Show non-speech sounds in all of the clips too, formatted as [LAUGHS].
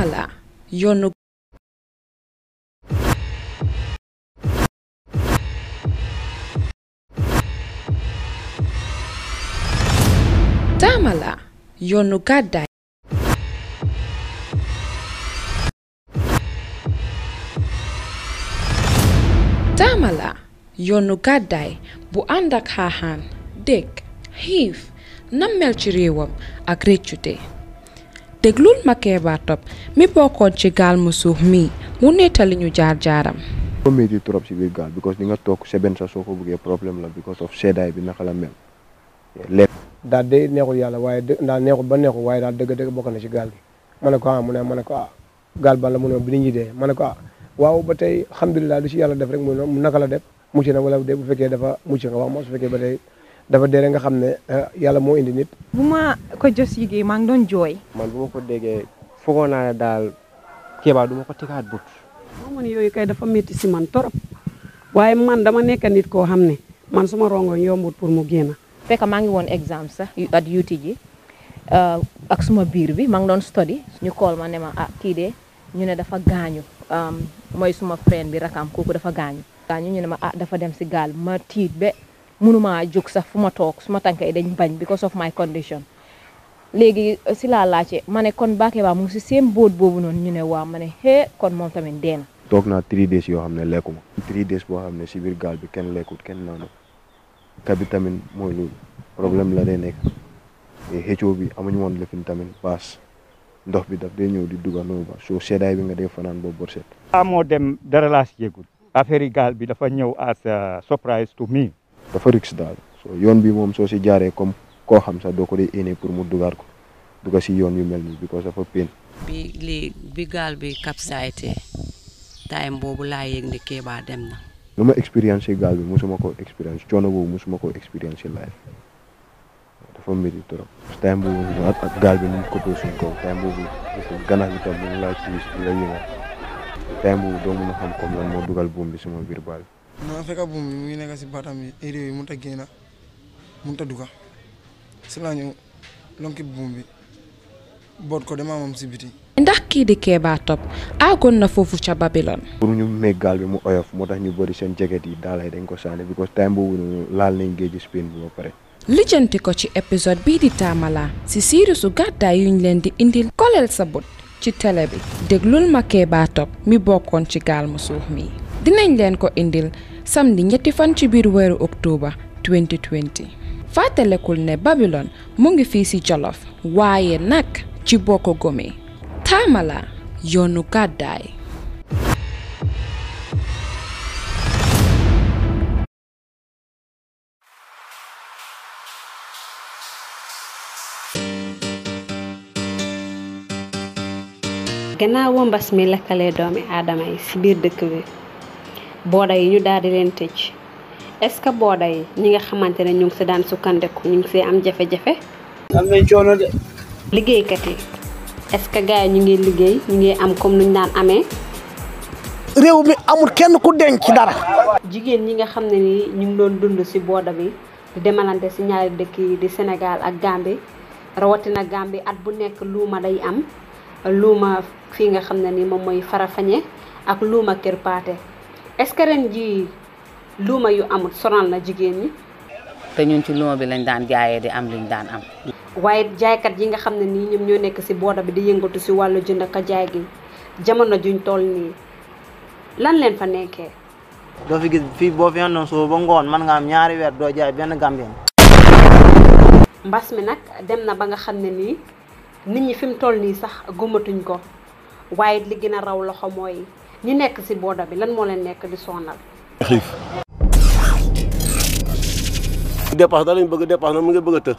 Himala yoonu Damala gàddaay bu ànd ak xaaxaan dégg xiif nammel ci réewam ak réccute déglul Makeba Top mi bokkoon ci gaal mu suuf mii mu nettali ñu jaar-jaaram moo métti trop si biir gaal because di nga toog seben sa soo ko bëggee la because of seddaay bi naka la mel lépp daal day neexul yàlla waaye daal neexul ba neexul waaye daal dëgg dëgg bokk na si gaal gi ma ne ko ah mu ne ma ah gaal bala la mu ne bi ñu dee ma ne ko ah waaw ba tey alhamdulilah lu si yàlla def rek mu naka la def mucc na wala bu fekkee dafa mucc nga wax ma fekkee ba tey dafa dee nga xam ne eh, yàlla moo indi nit. bu ma ko jos yigéey maa ngi doon jooy. man bu ma ko déggee foogoo naa ne daal Kéba du ma ko tegaat but. man yooyu kay dafa métti si man torop waaye man dama nekk nit koo xam ne man suma rongoñ yombut pour mu génn. fekk maa ngi woon exam sax at UTG eh, ak suma biir bi maa ngi doon study ñu kool ma ne ma ah kii de ñu ne dafa gaañu mooy suma friend bi rakam kooku dafa gaañu. gaañu ñu ne ma ah dafa dem si gaal ma tiit be mënumaa jóg sax fu ma toog su ma tànk yi dañ bañ because of my condition léegi uh, si laa laajte ma ne kon baake baa mu ngi si seen boot boobu noonu ñu ne waa ma ne hee kon moom tamit dee toog naa three days yoo xam ne lekkuma. three days boo xam ne si biir gaal bi kenn lekkut kenn naanu bi tamit mooy loolu problème la day nekk xëccoo bi amuñu woon lëfin tamit baas ndox bi daf day ñëw di dugal noonu ba soo bi nga dee fanaan boobu borset. amoo dem dara laa si yëgul gaal bi dafa ñëw as surprise to dafa risque dal so yoon bi mom so ci jaaree comme ko xam sa doko di ene pour mu dugar ko duga si yoon yu melni because dafa pain. bi li, bi gal bi capsayte time boobu laa yëg ke ba dem na luma ma gal bi musuma ko experience coono bobu musuma ko experience life dafa métti trop time bobu ak ak gal bi ni ko ko sun ko time boobu gana bi tam mu ngi la yewa time bobu do mu na xam comme lan mo dugal bombi sama bir bal non fekk buum bi mu nekk si baatam bi air yooyu mënut a génn mënut a dugg si laa lonki buum bi boot ko damaa moom si biti. ndax kii di Kéba Top aagoon na foofu ca Babylone. pour ñu meeg gaal bi mu oyof moo tax ñu bëri seen jeget yi daal dañ ko sànni because time boobu noonu laal nañ géeju Spain bi ba pare. lijjanti ko ci épisode bii di Tamala si siirisu gàddaay yuñ leen di indil koleel sa bët ci tele bi déglul ma Kéba Top mi bokkoon ci gaal mu mi. dinañ leen ko indil samedi ñetti fan ci biir weeru octobre 2020 fàttalekul ne Babylon mu ngi fii ci Jolof waaye nag ci bokk ko gomee taamala yoonu gàddaay mbas mi lakkalee doomi aadama ci biir dëkk bi booda yi ñu daal di leen tëj est ce que booda yi ñi nga xamante ne ñu ngi si daan sukkandiku ñu ngi see am jafe-jafe. am nañ coono yi est ce que gars ñu ngi liggéey ñu ngi am comme nuñ daan amee. réew mi amul kenn ku denc dara. jigéen ñi nga xam ne nii ñu ngi doon dund si booda bi di demalante si ñaar dëkk yi di Sénégal ak Gambie rawatina Gambie at bu nekk luuma day am luuma fii nga xam ne ni moom mooy Farafenni ak luuma Kër Paate est-ce que ren jii luuma yu amul sonal na jigéen ñi. te ñun ci luuma bi lañ daan jaayee di am liñ daan am. waaye jaaykat yi nga xam ne nii ñoom ñoo nekk si booda bi di yëngatu si wàllu jënd ak jaay gi jamono juñ toll nii lan leen fa nekkee. doo fi gis boo fi yendoon suba ba ngoon mën nga am ñaari weer doo jaay benn gambien. mbas mi nag dem na ba nga xam ne nii nit ñi fi toll nii sax gëmatuñ ko waaye li gën a raw loxo mooy. ñi nekk ci booda bi lan mo leen nekk di sonal. xif dépasse da lañ bëgg dépasse na mu ngi bëgg a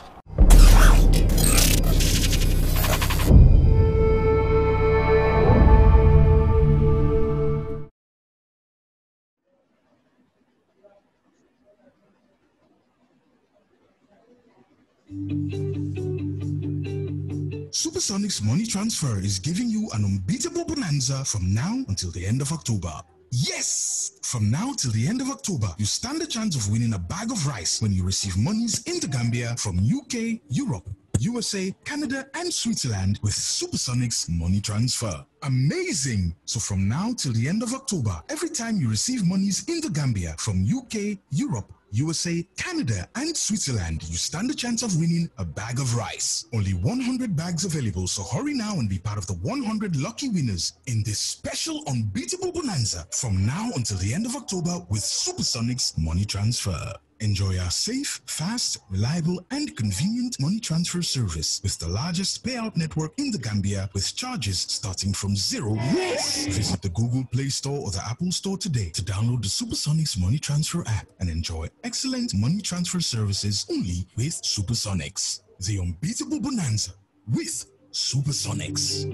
Sonics Money Transfer is giving you an unbeatable bonanza from now until the end of October. Yes! From now till the end of October, you stand a chance of winning a bag of rice when you receive monies into Gambia from UK, Europe, USA, Canada, and Switzerland with Supersonics money transfer. Amazing! So from now till the end of October, every time you receive monies into Gambia from UK, Europe, USA, Canada, and Switzerland, you stand a chance of winning a bag of rice. Only 100 bags available, so hurry now and be part of the 100 lucky winners in this special unbeatable bonanza from now until the end of October with Supersonics Money Transfer. Enjoy our safe, fast, reliable, and convenient money transfer service with the largest payout network in the Gambia with charges starting from zero. Yes! Visit the Google Play Store or the Apple Store today to download the Supersonics Money Transfer app and enjoy excellent money transfer services only with Supersonics. The unbeatable bonanza with Supersonics.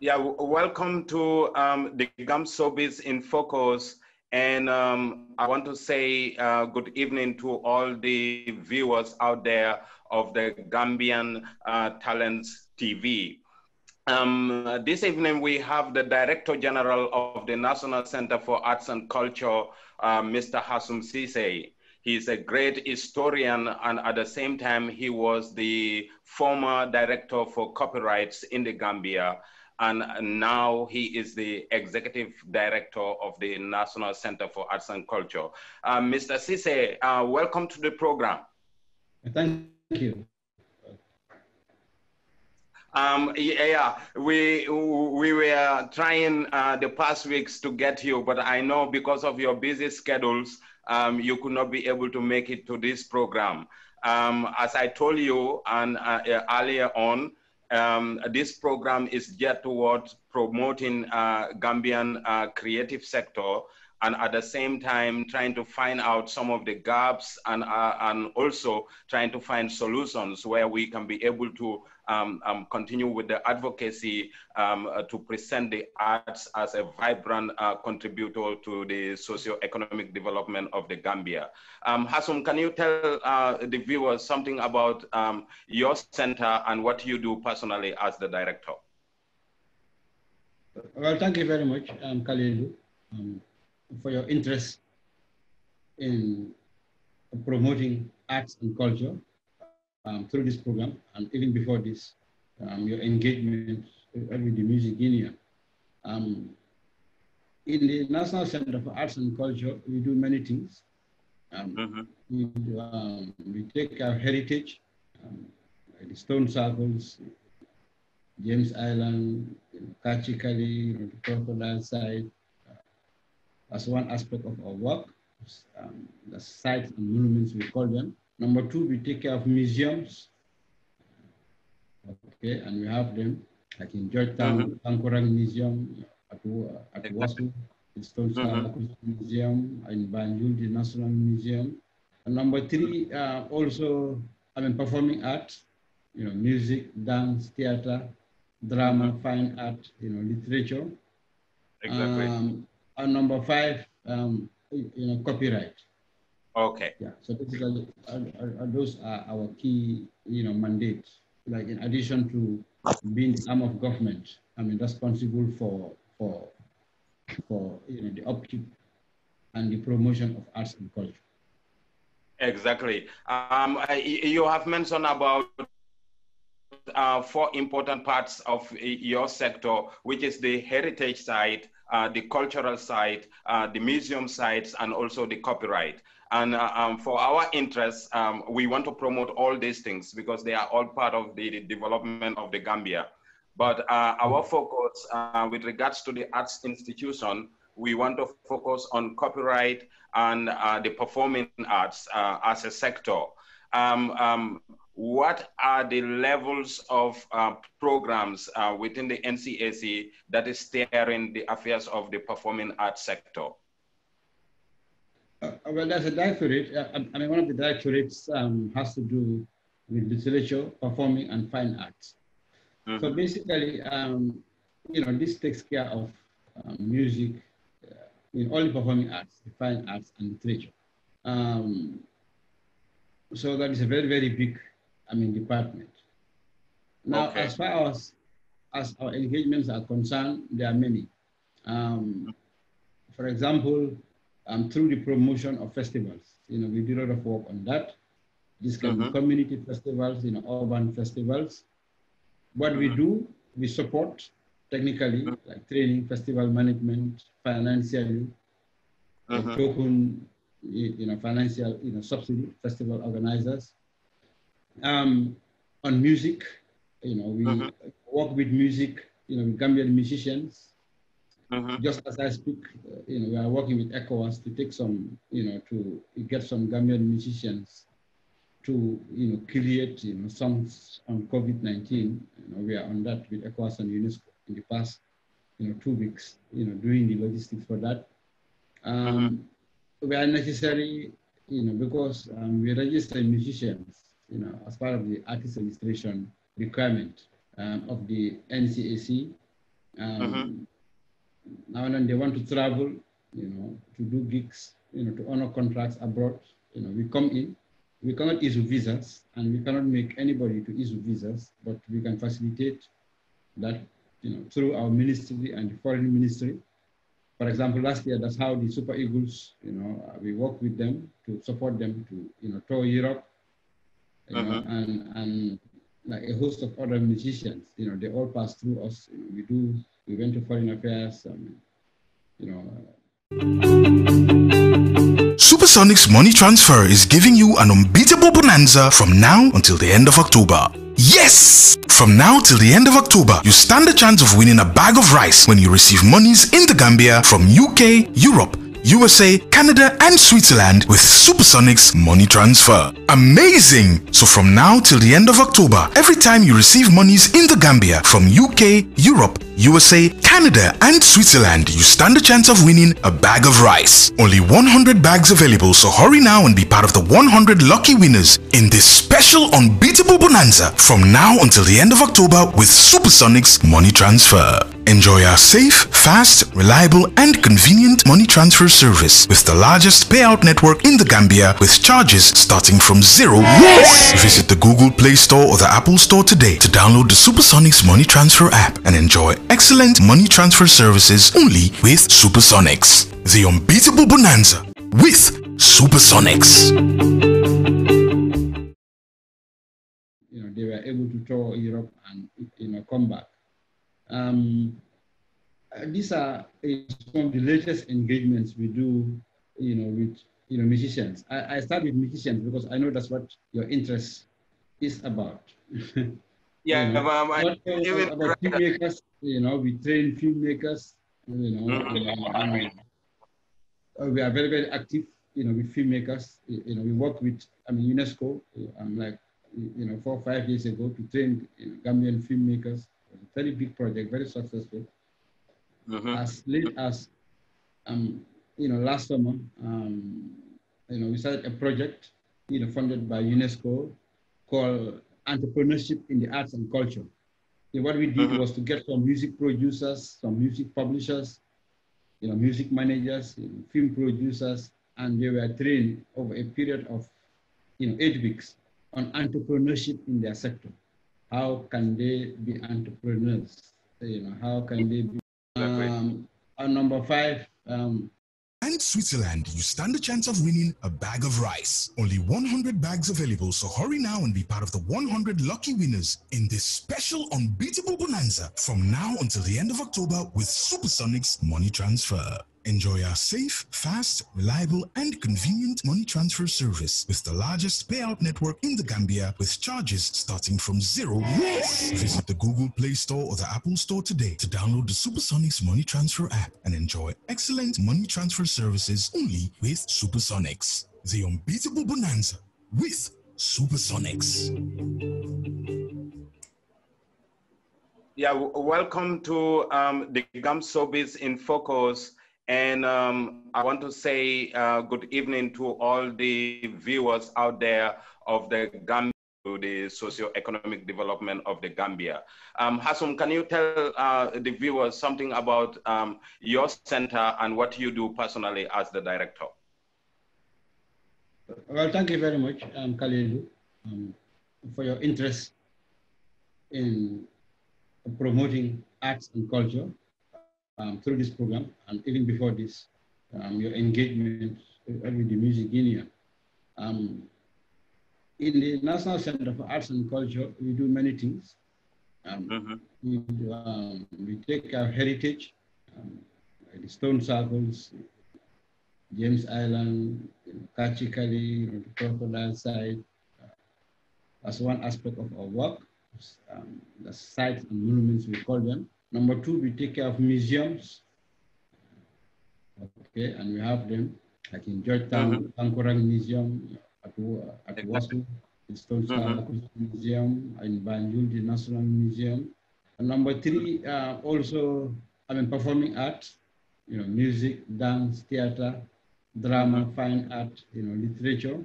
Yeah, welcome to um, the GAMSOBIS in Focus and um, I want to say uh, good evening to all the viewers out there of the Gambian uh, Talents TV. Um, this evening, we have the Director General of the National Center for Arts and Culture, uh, Mr. Hasum Sise. He's a great historian, and at the same time, he was the former director for copyrights in the Gambia and now he is the executive director of the National Center for Arts and Culture. Uh, Mr. Sise, uh, welcome to the program. Thank you. Um, yeah, we we were trying uh, the past weeks to get you, but I know because of your busy schedules, um, you could not be able to make it to this program. Um, as I told you and uh, earlier on, um, this program is geared towards promoting uh, Gambian uh, creative sector and at the same time trying to find out some of the gaps and, uh, and also trying to find solutions where we can be able to um, um, continue with the advocacy um, uh, to present the arts as a vibrant uh, contributor to the socio-economic development of the Gambia. Um, can you tell uh, the viewers something about um, your center and what you do personally as the director? Well, thank you very much, um, Kalilu. Um, for your interest in promoting arts and culture um, through this program and even before this, um, your engagement with the Music Union. Um, in the National Center for Arts and Culture, we do many things. Um, mm -hmm. we, um, we, take our heritage, um, like the stone circles, James Island, Kachikali, the crocodile side, as one aspect of our work, um, the sites and monuments we call them. Number two, we take care of museums. Okay, and we have them like in Georgetown, mm -hmm. Museum, at, at exactly. Wasu, Stone Star mm -hmm. Museum, in Banjul, the National Museum. And number three, uh, also, I mean, performing arts, you know, music, dance, theater, drama, mm -hmm. fine art, you know, literature. Exactly. Um, number five, um, you know, copyright. Okay. Yeah. So basically, those are our key, you know, mandates. Like in addition to being the arm of government, I mean, responsible for for for you know the upkeep and the promotion of arts and culture. Exactly. Um, you have mentioned about uh, four important parts of uh, your sector, which is the heritage side, uh, the cultural site, uh, the museum sites, and also the copyright. And uh, um, for our interests, um, we want to promote all these things because they are all part of the, the development of the Gambia. But uh, our focus uh, with regards to the arts institution, we want to focus on copyright and uh, the performing arts as a sector. Um, um what are the levels of uh, programs uh, within the NCAC that is steering the affairs of the performing arts sector? Uh, well, as a directorate, I uh, mean, one of the directorates um, has to do with literature, performing, and fine arts. Mm -hmm. So basically, um, you know, this takes care of um, music uh, in all the performing arts, the fine arts, and literature. Um, so that is a very, very big I mean, department. Now, okay. as far as, as our engagements are concerned, there are many. Um, for example, um, through the promotion of festivals, you know, we do a lot of work on that. This can be mm-hmm. community festivals, you know, urban festivals. What we mm-hmm. do, we support technically, mm-hmm. like training, festival management, financially, token, you know, financial, you know, subsidy, festival organizers um, on music. You know, we mm-hmm. work with music, you know, Gambian musicians. Mm-hmm. Just as I speak, uh, you know, we are working with ECOWAS to take some, you know, to get some Gambian musicians to, you know, create, you know, songs on COVID-19. You know, we are on that with ECOWAS and UNESCO in the past, you know, two weeks, you know, doing the logistics for that. Um, mm-hmm. We are necessary, you know, because um, we register musicians you know, as part of the artist registration requirement um, of the NCAC. Um, uh-huh. Now and then they want to travel, you know, to do gigs, you know, to honor contracts abroad. You know, we come in, we cannot issue visas, and we cannot make anybody to issue visas, but we can facilitate that, you know, through our ministry and the foreign ministry. For example, last year, that's how the Super Eagles, you know, we work with them to support them to, you know, tour Europe you uh-huh. know, and and like a host of other musicians. You know, they all pass through us. You know, we do. We went to foreign affairs. And, you know. Uh, Supersonic's money transfer is giving you an unbeatable bonanza from now until the end of October. Yes! From now till the end of October, you stand a chance of winning a bag of rice when you receive monies in the Gambia from UK, Europe, USA, Canada, and Switzerland with Supersonic's money transfer. Amazing! So from now till the end of October, every time you receive monies in the Gambia from UK, Europe, USA, Canada, and Switzerland, you stand a chance of winning a bag of rice. Only 100 bags available, so hurry now and be part of the 100 lucky winners in this special unbeatable bonanza from now until the end of October with Supersonic's money transfer. Enjoy our safe, fast, reliable and convenient money transfer service with the largest payout network in the Gambia with charges starting from zero. Yes! Visit the Google Play Store or the Apple Store today to download the Supersonics Money Transfer app and enjoy excellent money transfer services only with Supersonics. The unbeatable bonanza with Supersonics. You know, they were able to tour Europe and you know, come back. Um, uh, these are some of the latest engagements we do, you know, with you know musicians. I, I start with musicians because I know that's what your interest is about. [LAUGHS] yeah, um, um, I, about filmmakers. You know, we train filmmakers. You know, mm-hmm. and, um, uh, we are very very active. You know, with filmmakers. You know, we work with I mean UNESCO. I'm uh, like you know four or five years ago to train you know, Gambian filmmakers very big project, very successful. Mm-hmm. As late as, um, you know, last summer, um, you know, we started a project, you know, funded by UNESCO called Entrepreneurship in the Arts and Culture. And what we did mm-hmm. was to get some music producers, some music publishers, you know, music managers, you know, film producers, and they were trained over a period of, you know, eight weeks on entrepreneurship in their sector how can they be entrepreneurs? You know, how can they be? Um, on number five. Um, and Switzerland, you stand a chance of winning a bag of rice. Only 100 bags available, so hurry now and be part of the 100 lucky winners in this special unbeatable bonanza from now until the end of October with Supersonics Money Transfer. Enjoy our safe, fast, reliable, and convenient money transfer service with the largest payout network in the Gambia with charges starting from zero. Yes! Visit the Google Play Store or the Apple Store today to download the Supersonics Money Transfer app and enjoy excellent money transfer services only with Supersonics. The unbeatable bonanza with Supersonics. Yeah, welcome to um, the GAM in Focus and um, I want to say uh, good evening to all the viewers out there of the Gambia, the socio-economic development of the Gambia. Um, can you tell uh, the viewers something about um, your center and what you do personally as the director? Well, thank you very much, um, Kalilu, um, for your interest in promoting arts and culture um, through this program and even before this, um, your engagement uh, with the Music Guinea. Um, in the National Center for Arts and Culture, we do many things. Um, mm-hmm. we, um, we, take our heritage, um, the stone circles, James Island, you know, Kachikali, you know, the crocodile side, uh, as one aspect of our work, um, the sites and monuments we call them. Number two, we take care of museums. Okay, and we have them like in Georgetown, mm -hmm. Museum, at, at exactly. Wasu, Historical mm -hmm. Museum, in Banjul, the National Museum. And number three, uh, also, I mean, performing arts, you know, music, dance, theater, drama, mm -hmm. fine art, you know, literature.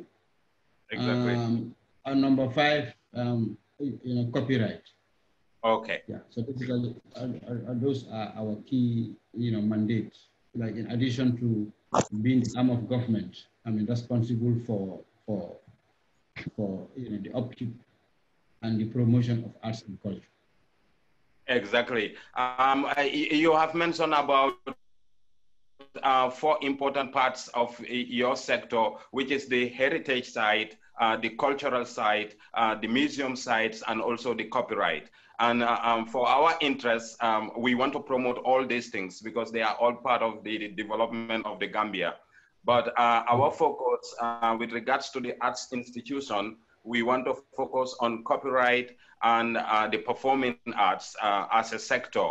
Exactly. Um, and number five, um, you know, copyright. Okay. Yeah. So basically, those are uh, our key, you know, mandates. Like in addition to being the arm of government, I mean, responsible for for for you know the upkeep and the promotion of arts and culture. Exactly. Um, you have mentioned about uh, four important parts of uh, your sector, which is the heritage side, uh, the cultural side, uh, the museum sites, and also the copyright. And uh, um, for our interests, um, we want to promote all these things because they are all part of the, the development of the Gambia. But uh, our focus uh, with regards to the arts institution, we want to focus on copyright and uh, the performing arts uh, as a sector.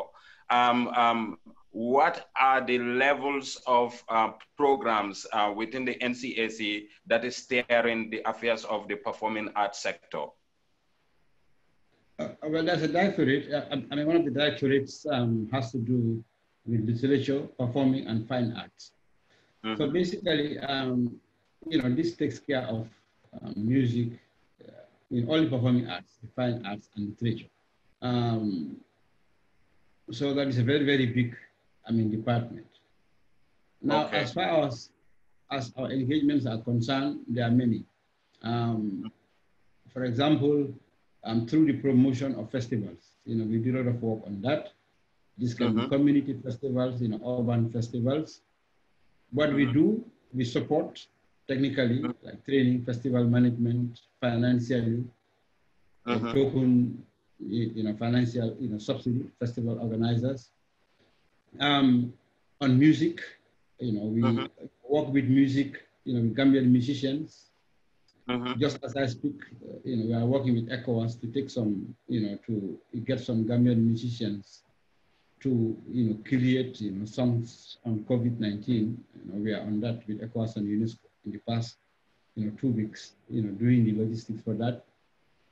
Um, um, what are the levels of uh, programs within the NCAC that is steering the affairs of the performing arts sector? Uh, well, there's a directorate, uh, I mean, one of the directorates um, has to do with literature, performing, and fine arts. -huh. Mm-hmm. So basically, um, you know, this takes care of um, music uh, in all the performing arts, the fine arts, and literature. Um, so that is a very, very big, I mean, department. Now, okay. as far as as our engagements are concerned, there are many. Um, for example, um, through the promotion of festivals. You know, we did a lot of work on that. This can be mm-hmm. community festivals, you know, urban festivals. What we do, we support technically, mm-hmm. like training, festival management, financially, mm-hmm. token, you know, financial, you know, subsidy, festival organizers. Um, on music, you know, we work with music, you know, Gambian musicians Mm-hmm. Just as I speak, uh, you know, we are working with ECOWAS to take some, you know, to get some Gambian musicians to, you know, create you know, songs on COVID-19. You know, we are on that with ECOWAS and UNESCO in the past, you know, two weeks, you know, doing the logistics for that.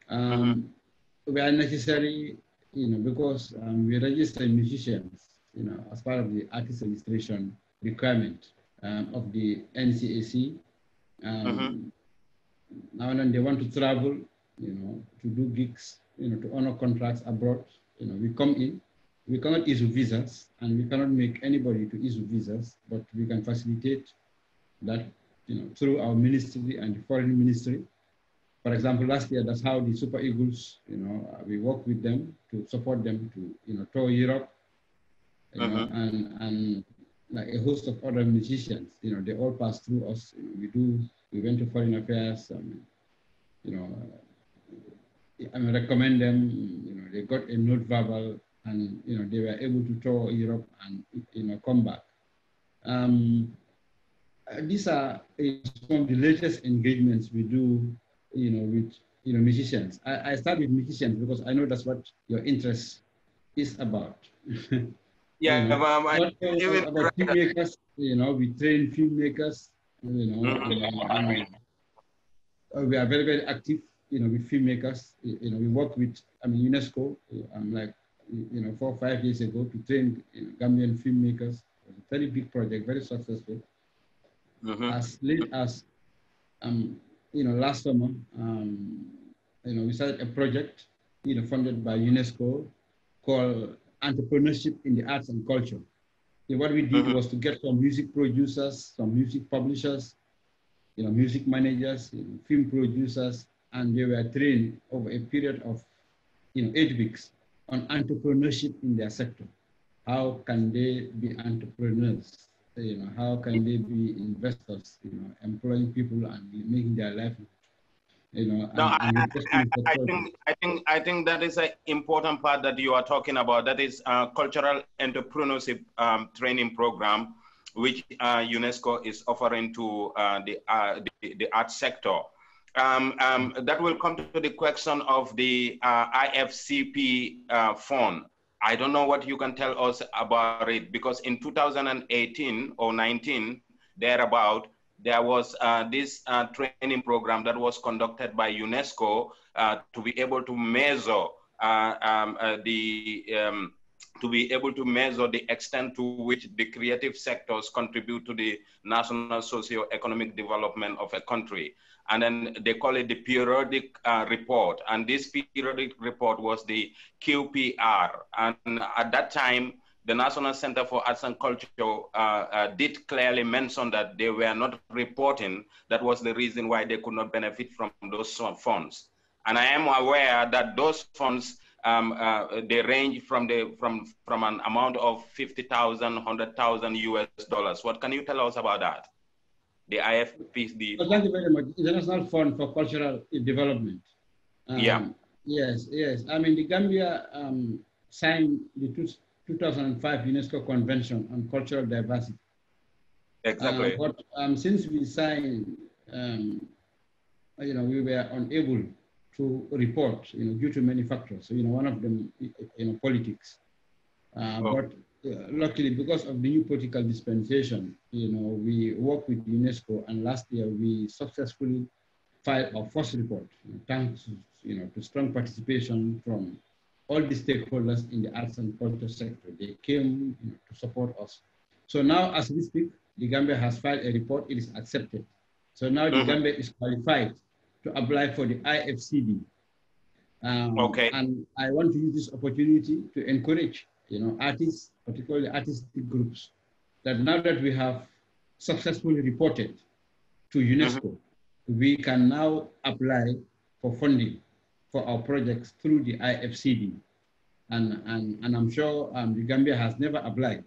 Um, mm-hmm. We are necessary, you know, because um, we register musicians, you know, as part of the artist registration requirement um, of the NCAC. Um, mm-hmm now and then they want to travel, you know, to do gigs, you know, to honor contracts abroad. You know, we come in, we cannot issue visas and we cannot make anybody to issue visas, but we can facilitate that, you know, through our ministry and the foreign ministry. For example, last year, that's how the Super Eagles, you know, we work with them to support them to, you know, tour Europe, you uh -huh. know, uh-huh. and, and like a host of other musicians. You know, they all pass through us. we do. We went to foreign affairs. Um, you know, I mean, recommend them. You know, they got a note verbal, and you know, they were able to tour Europe and you know come back. Um, these are some of the latest engagements we do. You know, with you know musicians. I, I start with musicians because I know that's what your interest is about. [LAUGHS] Yeah, mm um, I, uh, filmmakers, you know, we train filmmakers, you know, mm-hmm. Uh, uh, we are very, very active, you know, with filmmakers. You know, we work with, I mean, UNESCO, I'm um, like, you know, four or five years ago to train you know, Gambian filmmakers. very big project, very successful. Mm-hmm. As late as, um, you know, last summer, um, you know, we started a project, you know, funded by UNESCO called entrepreneurship in the arts and culture. And what we did mm-hmm. was to get some music producers, some music publishers, you know, music managers, you know, film producers, and they were trained over a period of, you know, eight weeks on entrepreneurship in their sector. How can they be entrepreneurs? You know, how can they be investors? You know, employing people and making their life. You know, no, and, I, and I, I, think I think I think that is an important part that you are talking about. That is a uh, cultural entrepreneurship um, training program, which uh, UNESCO is offering to uh, the, uh, the, the art sector. Um, um, that will come to the question of the uh, IFCP fund. I don't know what you can tell us about it because in 2018 or 19 thereabout there was uh, this uh, training program that was conducted by UNESCO uh, to be able to measure uh, um, uh, the um, to be able to measure the extent to which the creative sectors contribute to the national socio-economic development of a country. And then they call it the periodic uh, report. And this periodic report was the QPR. And at that time, the National Center for Arts and Culture uh, uh, did clearly mention that they were not reporting. That was the reason why they could not benefit from those funds. And I am aware that those funds, um, uh, they range from, the, from, from an amount of 50,000, 100,000 US dollars. What can you tell us about that? The IFP, the... Well, thank you very much. International Fund for Cultural Development. Um, yeah. Yes, yes. I mean, the Gambia um, signed the two 2005 UNESCO Convention on Cultural Diversity. Exactly. Uh, but um, since we signed, um, you know, we were unable to report, you know, due to many factors. So, you know, one of them, you know, politics. Uh, oh. But uh, luckily, because of the new political dispensation, you know, we worked with UNESCO, and last year we successfully filed our first report, thanks, you know, to strong participation from all the stakeholders in the arts and culture sector. They came you know, to support us. So now, as we speak, the Gambia has filed a report. It is accepted. So now the mm -hmm. Gambia is qualified to apply for the IFCD. Um, okay. And I want to use this opportunity to encourage, you know, artists, particularly artistic groups, that now that we have successfully reported to UNESCO, mm -hmm. we can now apply for funding for our projects through the IFCD. And, and, and I'm sure um, the Gambia has never applied.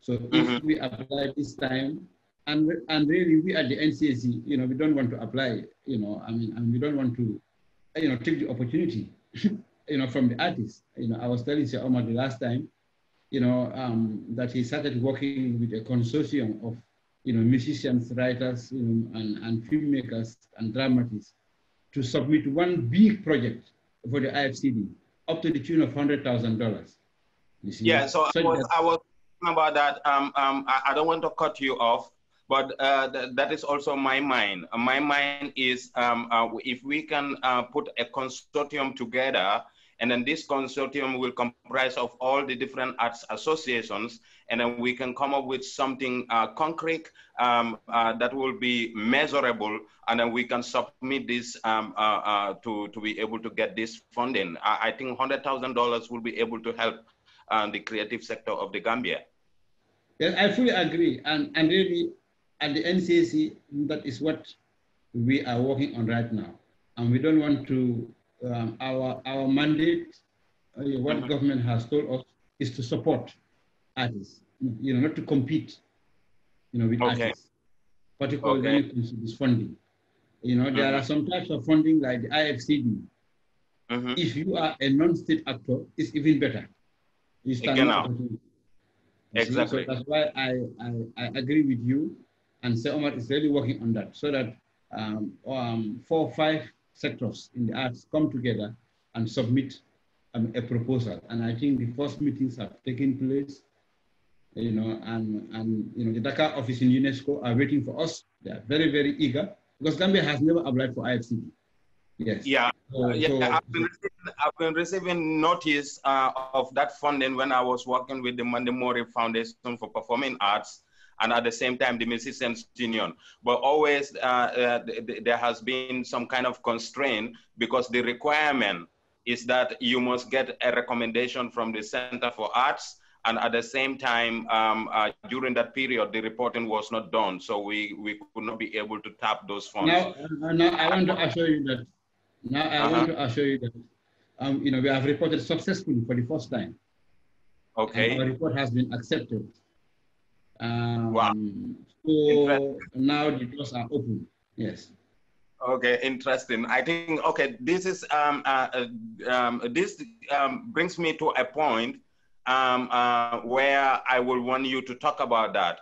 So if mm-hmm. we apply this time, and, and really we at the NCAC, you know, we don't want to apply, you know, I mean, and we don't want to, you know, take the opportunity, [LAUGHS] you know, from the artist. You know, I was telling Sir Omar the last time, you know, um, that he started working with a consortium of, you know, musicians, writers, you know, and, and filmmakers and dramatists to submit one big project for the IFCD up to the tune of $100,000. Yeah, so, so I was, I was talking about that. Um, um, I, I, don't want to cut you off, but uh, th that is also my mind. My mind is um, uh, if we can uh, put a consortium together, and then this consortium will comprise of all the different arts associations and then we can come up with something uh, concrete um, uh, that will be measurable, and then we can submit this um, uh, uh to, to be able to get this funding. I, I think $100,000 will be able to help uh, the creative sector of the Gambia. Yes, I fully agree. And, and really, at the NCAC, that is what we are working on right now. And we don't want to, um, our, our mandate, uh, what mm -hmm. government has told us is to support artists, you know, not to compete, you know, with okay. artists, particularly okay. when it comes to this funding. You know, there mm -hmm. are some types of funding like the IFCD. Mm -hmm. If you are a non-state actor, it's even better. It's genau. Exactly. So that's why I, I, I, agree with you, and Omar is really working on that, so that um, um, four or five sectors in the arts come together and submit um, a proposal. And I think the first meetings have taken place, you know, and, and you know, the Dakar office in UNESCO are waiting for us. They are very, very eager because Gambia has never applied for IFCB. Yes. Yeah. So, yeah. So, I've, been receiving, I've, been receiving, notice uh, of that funding when I was working with the Mandemori Foundation for Performing Arts and at the same time the musicians union but always uh, uh, th th there has been some kind of constraint because the requirement is that you must get a recommendation from the center for arts and at the same time, um, uh, during that period, the reporting was not done. So we, we could not be able to tap those funds. Now, uh, now I want to uh-huh. assure you that. Now I uh -huh. want to uh-huh. assure you that, um, you know, we have reported successfully for the first time. Okay. And our report has been accepted. Um, wow. So now the doors are open. Yes. Okay, interesting. I think okay, this is um, uh, uh um, this um, brings me to a point um, uh, where I would want you to talk about that.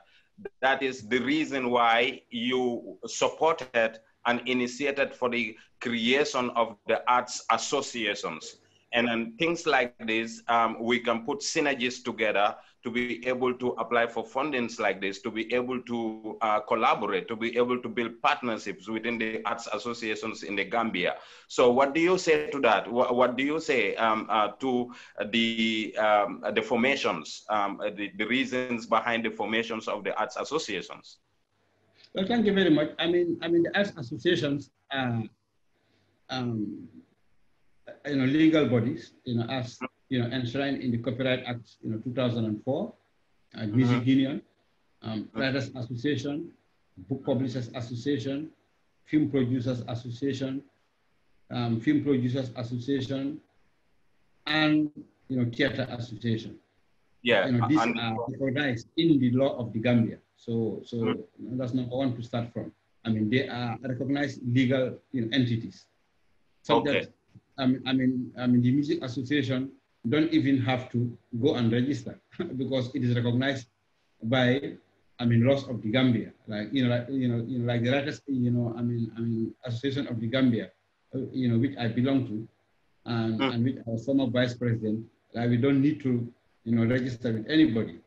That is the reason why you supported and initiated for the creation of the arts associations. And then things like this, um, we can put synergies together to be able to apply for fundings like this, to be able to uh, collaborate, to be able to build partnerships within the arts associations in the Gambia. So, what do you say to that? What, what do you say um, uh, to the um, the formations, um, the, the reasons behind the formations of the arts associations? Well, thank you very much. I mean, I mean, the arts associations are um, you know, legal bodies, you know, as you know, enshrined in the Copyright Act, you know, 2004, uh, mm-hmm. Music uh -huh. Union, um, Writers Association, Book Publishers Association, Film Producers Association, um, Film Producers Association, and you know, Theatre Association. Yeah, you know, these are recognized in the law of the Gambia. So, so mm -hmm. you know, that's number one to start from. I mean, they are recognized legal you know, entities. So okay. that I mean, I mean, I mean the music association don't even have to go and register [LAUGHS] because it is recognized by, I mean, laws of the Gambia, like you know, like, you know, you know, like the writers, you know, I mean, I mean, Association of the Gambia, uh, you know, which I belong to, and, mm. and which our former vice president, like we don't need to, you know, register with anybody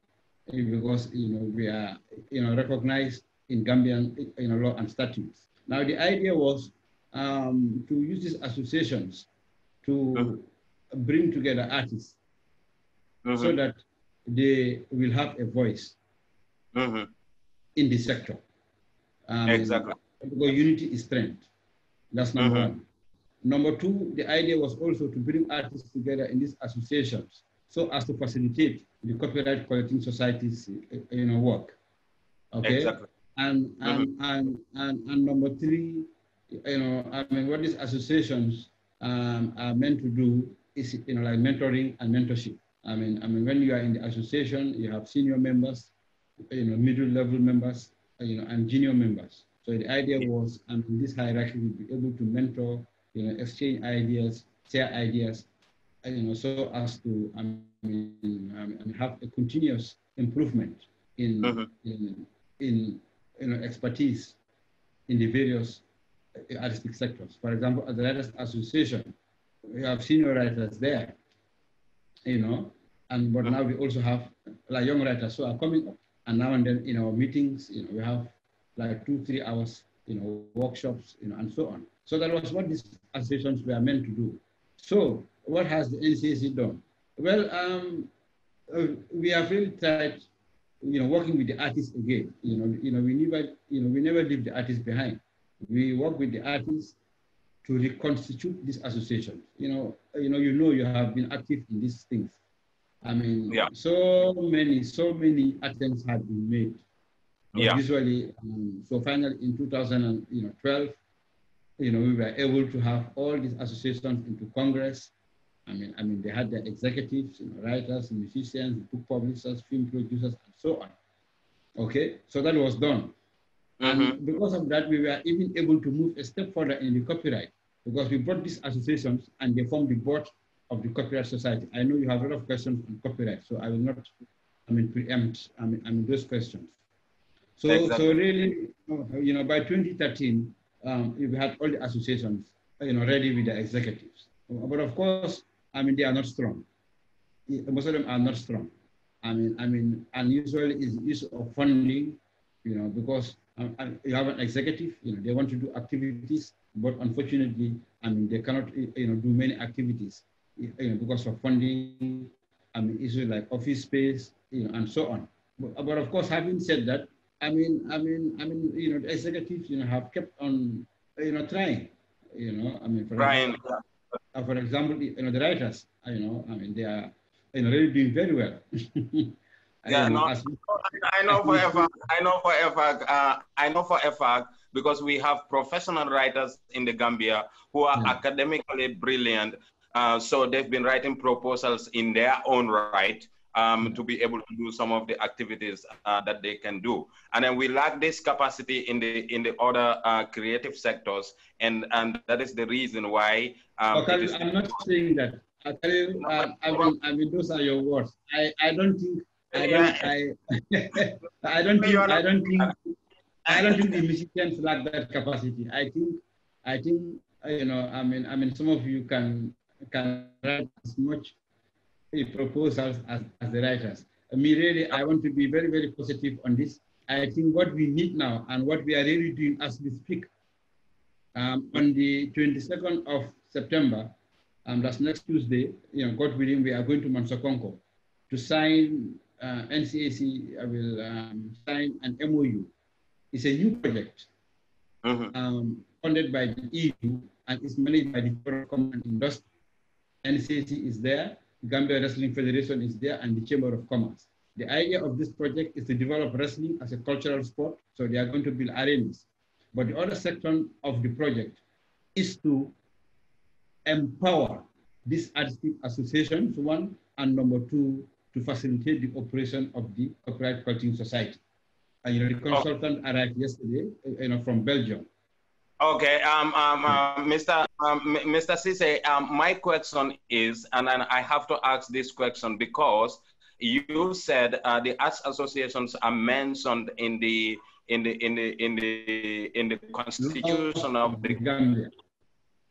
eh, because you know we are you know recognized in Gambian you know law and statutes. Now the idea was um, to use these associations to mm-hmm. bring together artists mm-hmm. so uh-huh. that they will have a voice uh-huh. in the sector. Um, exactly. Because unity is strength. That's number one. Number two, the idea was also to bring artists together in these associations so as to facilitate the copyright collecting societies' uh, you know, work. Okay. Exactly. And and, mm-hmm. and and and number three, you know, I mean, what these associations um, are meant to do is, you know, like mentoring and mentorship. I mean, I mean, when you are in the association, you have senior members, you know, middle level members, you know, and junior members. So the idea was, I mean, this hierarchy will be able to mentor, you know, exchange ideas, share ideas, uh, you know, so as to, I mean, I mean have a continuous improvement in, mm-hmm. in, in, you know, expertise in the various artistic sectors. For example, the Writers Association, we have senior writers there, you know, and but now we also have like young writers who are coming up. And now and then in our meetings, you know, we have like two, three hours, you know, workshops, you know, and so on. So that was what these associations were meant to do. So what has the NCAC done? Well, um, uh, we have really tried, you know, working with the artists again. You know, you know, we never, you know, we never leave the artists behind. We work with the artists to reconstitute these associations. You know, you know, you know, you have been active in these things. I mean, yeah. so many, so many attempts have been made. Yeah. Usually, um, so finally in 2012, you know, we were able to have all these associations into Congress. I mean, I mean, they had their executives, you know, writers, musicians, book publishers, film producers, and so on. Okay, so that was done. Mm-hmm. And mm -hmm. because of that, we were even able to move a step further in the copyright because we brought these associations and they formed the board of the Copyright Society. I know you have a lot of questions on copyright, so I will not, I mean, preempt, I mean, I mean those questions. So, exactly. so really, you know, by 2013, um, we had all the associations, you know, ready with the executives. But of course, I mean, they are not strong. Most of them are not strong. I mean, I mean, unusual is issue of funding you know, because um, you have an executive, you know, they want to do activities, but unfortunately, I mean, they cannot, you know, do many activities, you know, because of funding, I mean, issues like office space, you know, and so on. But, but of course, having said that, I mean, I mean, I mean, you know, the executives, you know, have kept on, you know, trying, you know, I mean, for Brian. example, for example, you know, the writers, you know, I mean, they are, you know, really doing very well. Yeah, no, I know for a fact. I know for a fact. Uh, I know for a fact because we have professional writers in the Gambia who are yeah. academically brilliant. Uh, so they've been writing proposals in their own right um, to be able to do some of the activities uh, that they can do. And then we lack this capacity in the in the other uh, creative sectors, and and that is the reason why. Um, I'm not saying that. Akali, uh, um, I mean, I mean, those are your words. I, I don't think [LAUGHS] I don't, I, I don't think, I don't think, I don't think the musicians lack that capacity. I think, I think, uh, you know, I mean, I mean, some of you can can write as much uh, proposals as, as the writers. I uh, mean, really, I want to be very, very positive on this. I think what we need now and what we are really doing as we speak, um, on the 22nd of September, um, that's next Tuesday, you know, God willing, we are going to Mansokonko to sign uh, NCAC will um, sign an MOU. It's a new project mm-hmm. um, funded by the EU and is managed by the Foreign Common Industry. NCAC is there, Gambia Wrestling Federation is there, and the Chamber of Commerce. The idea of this project is to develop wrestling as a cultural sport, so they are going to build arenas. But the other section of the project is to empower these artistic associations, one, and number two, to facilitate the operation of the Copyright Collecting Society. And your consultant arrived yesterday, you know, from Belgium. Okay, um, um, uh, Mr. Um, Mr. Cisse, um, my question is, and, and I have to ask this question because you said uh, the arts associations are mentioned in the in the in the in the in the constitution of the,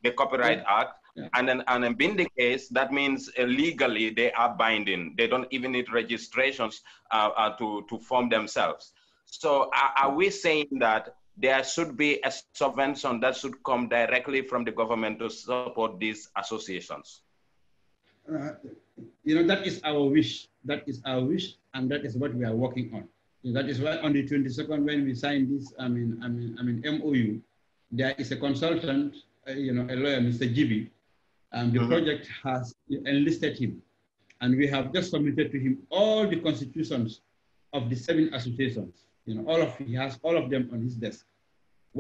the Copyright Act yeah. And, then, and then the case, that means uh, legally they are binding. They don't even need registrations uh, uh, to, to form themselves. So are, are, we saying that there should be a subvention that should come directly from the government to support these associations? Uh, you know, that is our wish. That is our wish, and that is what we are working on. That is why on the 22nd, when we signed this, I mean, I mean, I mean, MOU, there is a consultant, uh, you know, a lawyer, Mr. gibby and the mm -hmm. project has enlisted him. And we have just submitted to him all the constitutions of the seven associations. You know, all of he has all of them on his desk.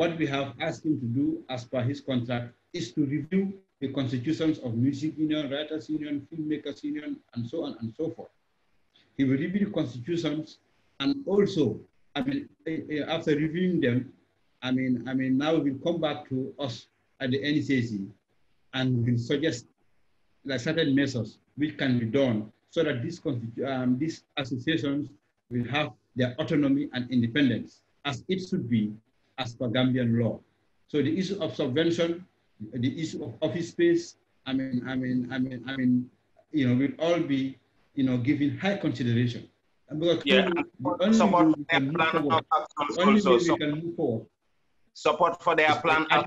What we have asked him to do as per his contract is to review the constitutions of music union, writers union, filmmakers union, and so on and so forth. He will review the constitutions and also, I mean, eh, eh, after reviewing them, I mean, I mean, now we will come back to us at the NCC and we suggest like certain measures which can be done so that these, um, these associations will have their autonomy and independence as it should be as per Gambian law. So the issue of subvention, the issue of office space, I mean, I mean, I mean, I mean, you know, will all be, you know, given high consideration. And because yeah. only support we can we can move forward. Support for their plan, plan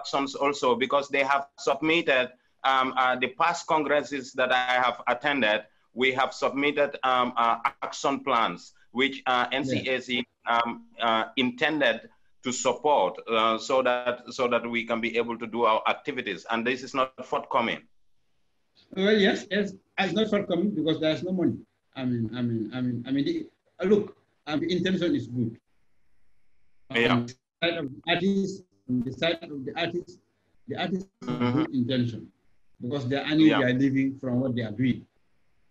elections also because they have submitted um, uh, the past congresses that I have attended, we have submitted um, uh, action plans which uh, NCAC um, uh, intended to support uh, so that so that we can be able to do our activities. And this is not forthcoming. Well, uh, yes, yes, it's not forthcoming because there's no money. I mean, I mean, I mean, I mean, the, look, I intention is good. yeah. I think the side of the artist, the artist mm -hmm. good intention because they are earning yeah. their living from what they are doing.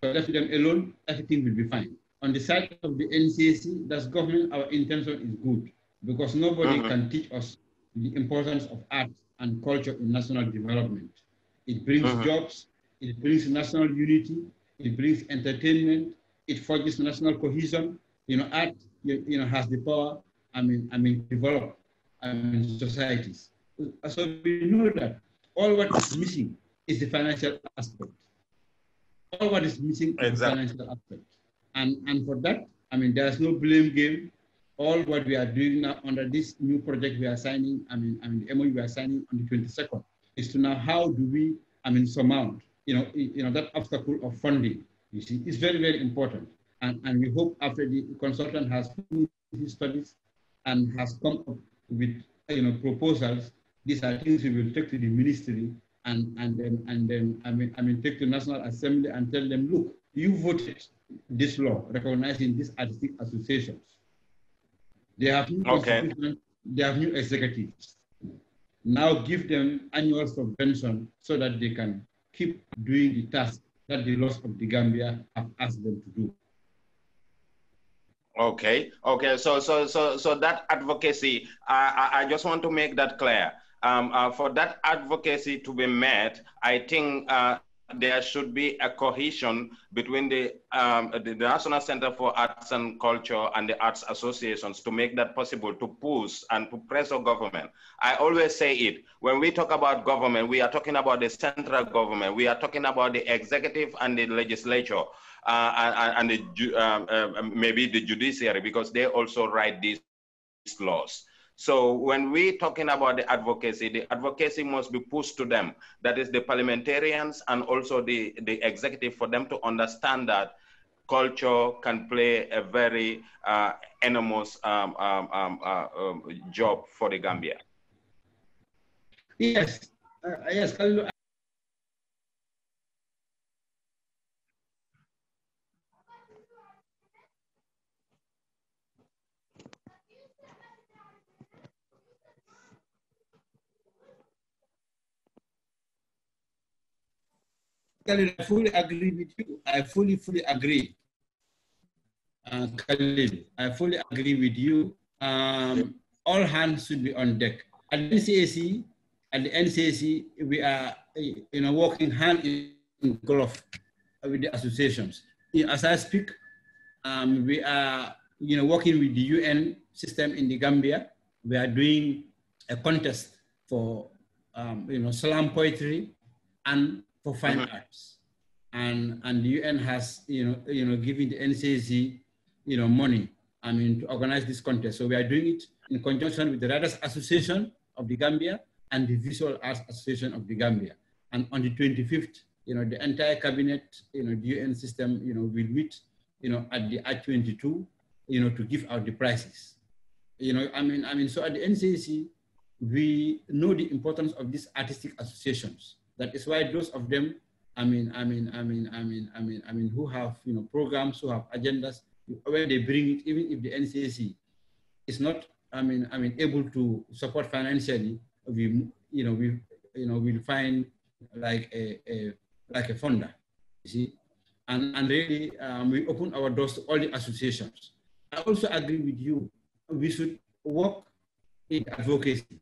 So left them alone, everything will be fine. On the side of the NCAC, that's government, our intention is good because nobody mm -hmm. can teach us the importance of art and culture in national development. It brings mm -hmm. jobs, it brings national unity, it brings entertainment, it forges national cohesion. You know, art you, you know has the power. I mean, I mean, develop I mean, societies. Uh, so we know that all what is missing is the financial aspect. All what is missing exactly. is the financial aspect. And, and for that, I mean, there's no blame game. All what we are doing now under this new project we are signing, I mean, I mean, the MOU we are signing on the 22nd, is to now how do we, I mean, surmount, you know, you know, that obstacle of funding. You see, it's very, very important. And, and we hope after the consultant has finished his studies and has come up with you know proposals. These are things we will take to the ministry and and then and then I mean I mean take to National Assembly and tell them, look, you voted this law recognizing these artistic associations. They have new okay. they have new executives. Now give them annual subvention so that they can keep doing the task that the laws of the Gambia have asked them to do. Okay, okay. So, so, so, so that advocacy, I, I, I just want to make that clear. Um, uh, for that advocacy to be met, I think uh, there should be a cohesion between the, um, the National Center for Arts and Culture and the arts associations to make that possible, to push and to press the government. I always say it, when we talk about government, we are talking about the central government, we are talking about the executive and the legislature. Uh, and, and the, um, um, um, maybe the judiciary because they also write these laws. So when we're talking about the advocacy, the advocacy must be pushed to them. That is the parliamentarians and also the, the executive for them to understand that culture can play a very uh, enormous um, um, um, uh, job for the Gambia. Yes, uh, yes, Khalil, I fully agree with you. I fully, fully agree. Uh, I fully agree with you. Um, all hands should be on deck. At NCAC, at the NCAC, we are you know working hand in glove with the associations. As I speak, um, we are you know working with the UN system in the Gambia. We are doing a contest for um, you know slam poetry and for fine mm-hmm. arts. And, and the UN has, you know, you know, given the NCAC, you know, money, I mean, to organize this contest. So we are doing it in conjunction with the Writers Association of the Gambia and the Visual Arts Association of the Gambia. And on the 25th, you know, the entire cabinet, you know, the UN system, you know, will meet, you know, at the at 22 you know, to give out the prizes. You know, I mean, I mean, so at the NCC, we know the importance of these artistic associations that is why those of them, I mean, I mean, I mean, I mean, I mean, I mean, who have you know programs, who have agendas, when they bring it, even if the NCC is not, I mean, I mean, able to support financially, we, you know, we, you know, we'll find like a, a like a funder, you see, and and really um, we open our doors to all the associations. I also agree with you. We should work in advocacy.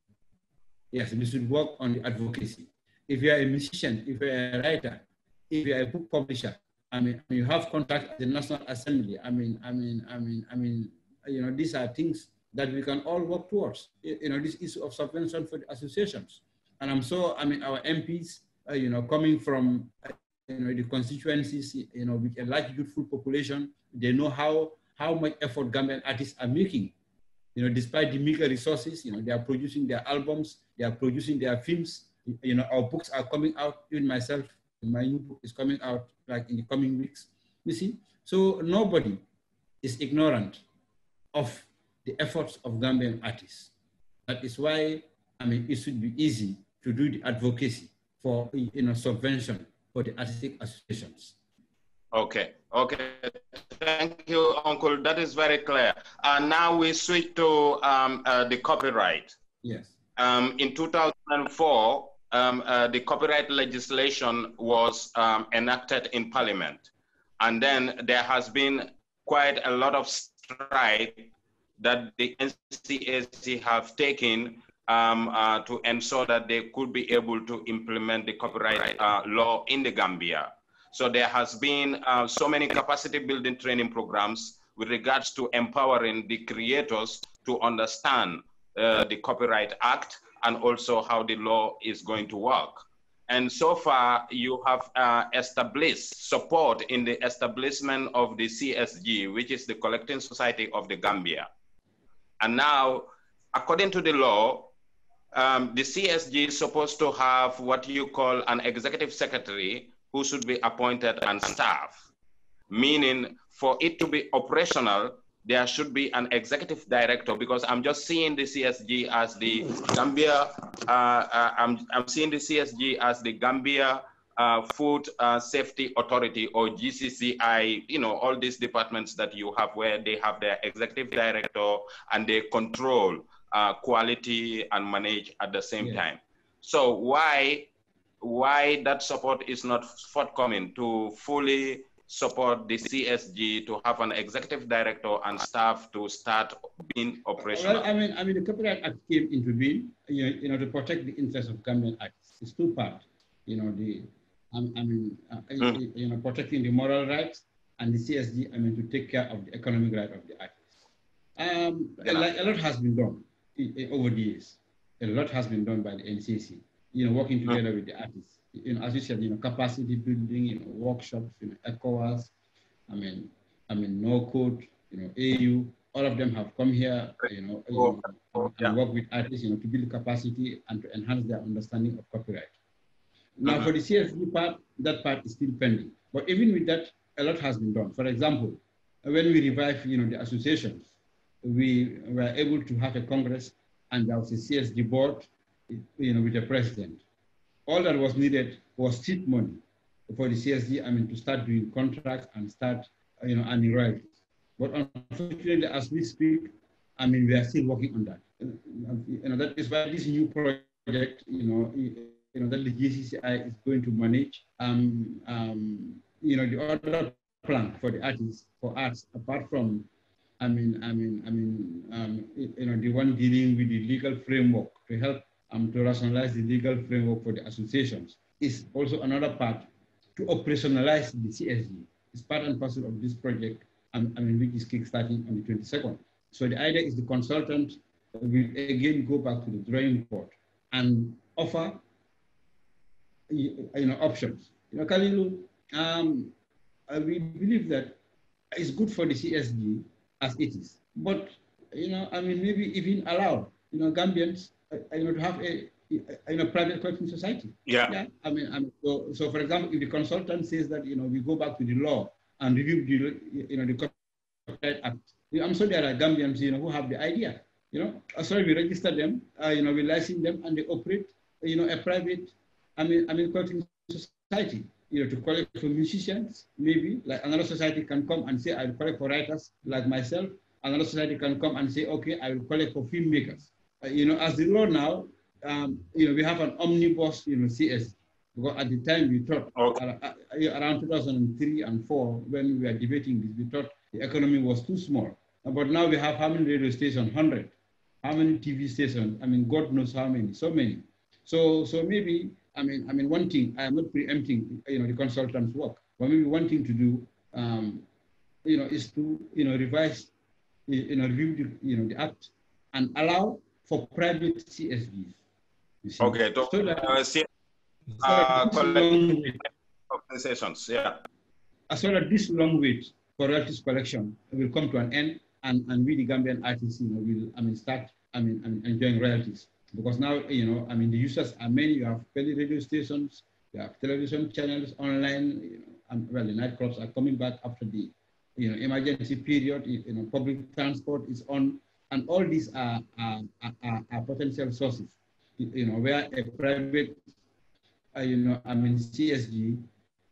Yes, we should work on the advocacy if you're a musician, if you're a writer, if you're a book publisher, I mean, you have contact at the National Assembly. I mean, I mean, I mean, I mean, you know, these are things that we can all work towards. You know, this issue of subvention for associations. And I'm so, I mean, our MPs, uh, you know, coming from, uh, you know, the constituencies, you know, with a large youthful population, they know how, how much effort Gambian artists are making. You know, despite the meager resources, you know, they are producing their albums, they are producing their films, you know, our books are coming out, even myself, my new book is coming out like in the coming weeks, you see. So nobody is ignorant of the efforts of Gambian artists. That is why, I mean, it should be easy to do the advocacy for, you know, subvention for the artistic associations. Okay, okay. Thank you, Uncle. That is very clear. And uh, now we switch to um, uh, the copyright. Yes. Um, in 2004, um, uh, the copyright legislation was um, enacted in parliament. And then there has been quite a lot of stride that the NCAC have taken um, uh, to ensure that they could be able to implement the copyright uh, law in the Gambia. So there has been uh, so many capacity building training programs with regards to empowering the creators to understand uh, the Copyright Act and also how the law is going to work. And so far, you have uh, established support in the establishment of the CSG, which is the Collecting Society of the Gambia. And now, according to the law, um, the CSG is supposed to have what you call an executive secretary who should be appointed and staff, meaning for it to be operational, there should be an executive director because I'm just seeing the CSG as the Gambia. Uh, uh, I'm I'm seeing the CSG as the Gambia uh, Food uh, Safety Authority or GCCI. You know all these departments that you have where they have their executive director and they control uh, quality and manage at the same yeah. time. So why why that support is not forthcoming to fully support the CSG to have an executive director and staff to start being operational? Well, I mean, I mean, the Copyright Act came into being, you know, you know to protect the interests of government acts. It's two part, you know, the, I, um, I mean, mm. you know, protecting the moral rights and the CSG, I mean, to take care of the economic right of the artists. Um, yeah. a, a, lot has been done over the years. A lot has been done by the NCC, you know, working hmm. together mm. with the artists you know, as you said, you know, capacity building, you know, workshops, you know, ECOWAS, I mean, I mean, no code, you know, AU, all of them have come here, you know, you know yeah. work with artists, you know, to build capacity and to enhance their understanding of copyright. Now, uh-huh. for the CFD part, that part is still pending. But even with that, a lot has been done. For example, when we revived, you know, the associations, we were able to have a congress, and there was a CSD board, you know, with a president all that was needed was seed money for the CSD, I mean, to start doing contracts and start, you know, earning royalties. But unfortunately, as we speak, I mean, we are still working on that. You know, that is why this new project, you know, you know that the GCCI is going to manage. Um, um, you know, the other plan for the artists, for arts, apart from, I mean, I mean, I mean, um, you know, the one dealing with the legal framework to help um, to rationalize the legal framework for the associations is also another part to operationalize the CSG. It's part and parcel of this project, I mean, which is kickstarting on the 22nd. So the idea is the consultant will again go back to the drawing board and offer, you know, options. You know, Kalilu, um, uh, we believe that it's good for the CSG as it is, but you know, I mean, maybe even allow you know Gambians I would have a in a private collecting society. Yeah. yeah. I mean, I mean so, so, for example, if the consultant says that, you know, we go back to the law and review the, you know, the Copyright Act, I'm sure there are Gambians, you know, who have the idea, you know, uh, sorry, we register them, uh, you know, we license them and they operate, you know, a private, I mean, I mean, collecting society, you know, to collect for musicians, maybe, like another society can come and say, I'll collect for writers like myself. Another society can come and say, okay, I will collect for filmmakers you know, as the law now, um, you know, we have an omnibus, you know, CS. Because at the time we thought, okay. uh, around 2003 and 4, when we were debating this, we thought the economy was too small. Uh, but now we have how many radio stations? 100. How many TV stations? I mean, God knows how many, so many. So, so maybe, I mean, I mean, one thing, I am not preempting, you know, the consultant's work, but maybe one thing to do, um, you know, is to, you know, revise, you know, review the, you know, the act and allow for private CSVs. Okay, so that, As well as this long wait for royalties collection will come to an end, and, and we, the Gambian artists, you know, will I mean start I mean, I mean enjoying royalties because now you know I mean the users are many. You have many radio stations, you have television channels online. You know, and well, the nightclubs are coming back after the you know emergency period. You know, public transport is on and all these are, are, are, are potential sources, you know, where a private, uh, you know, I mean, CSG,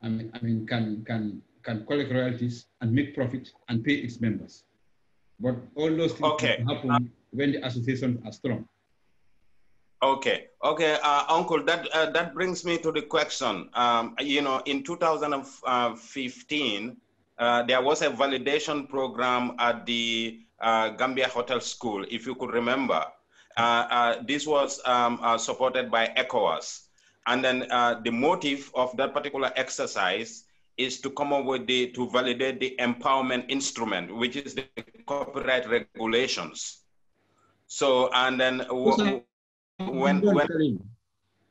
I mean, I mean, can, can, can collect royalties and make profit and pay its members. But all those things okay. happen when the associations are strong. Okay, okay, uh, Uncle, that, uh, that brings me to the question. Um, you know, in 2015, uh, uh, there was a validation program at the uh, Gambia Hotel School, if you could remember. Uh, uh, this was um, uh, supported by ECOWAS. And then the motive of that particular exercise is to come up with the, to validate the empowerment instrument, which is the copyright regulations. So, and then so, when, when, I, mean,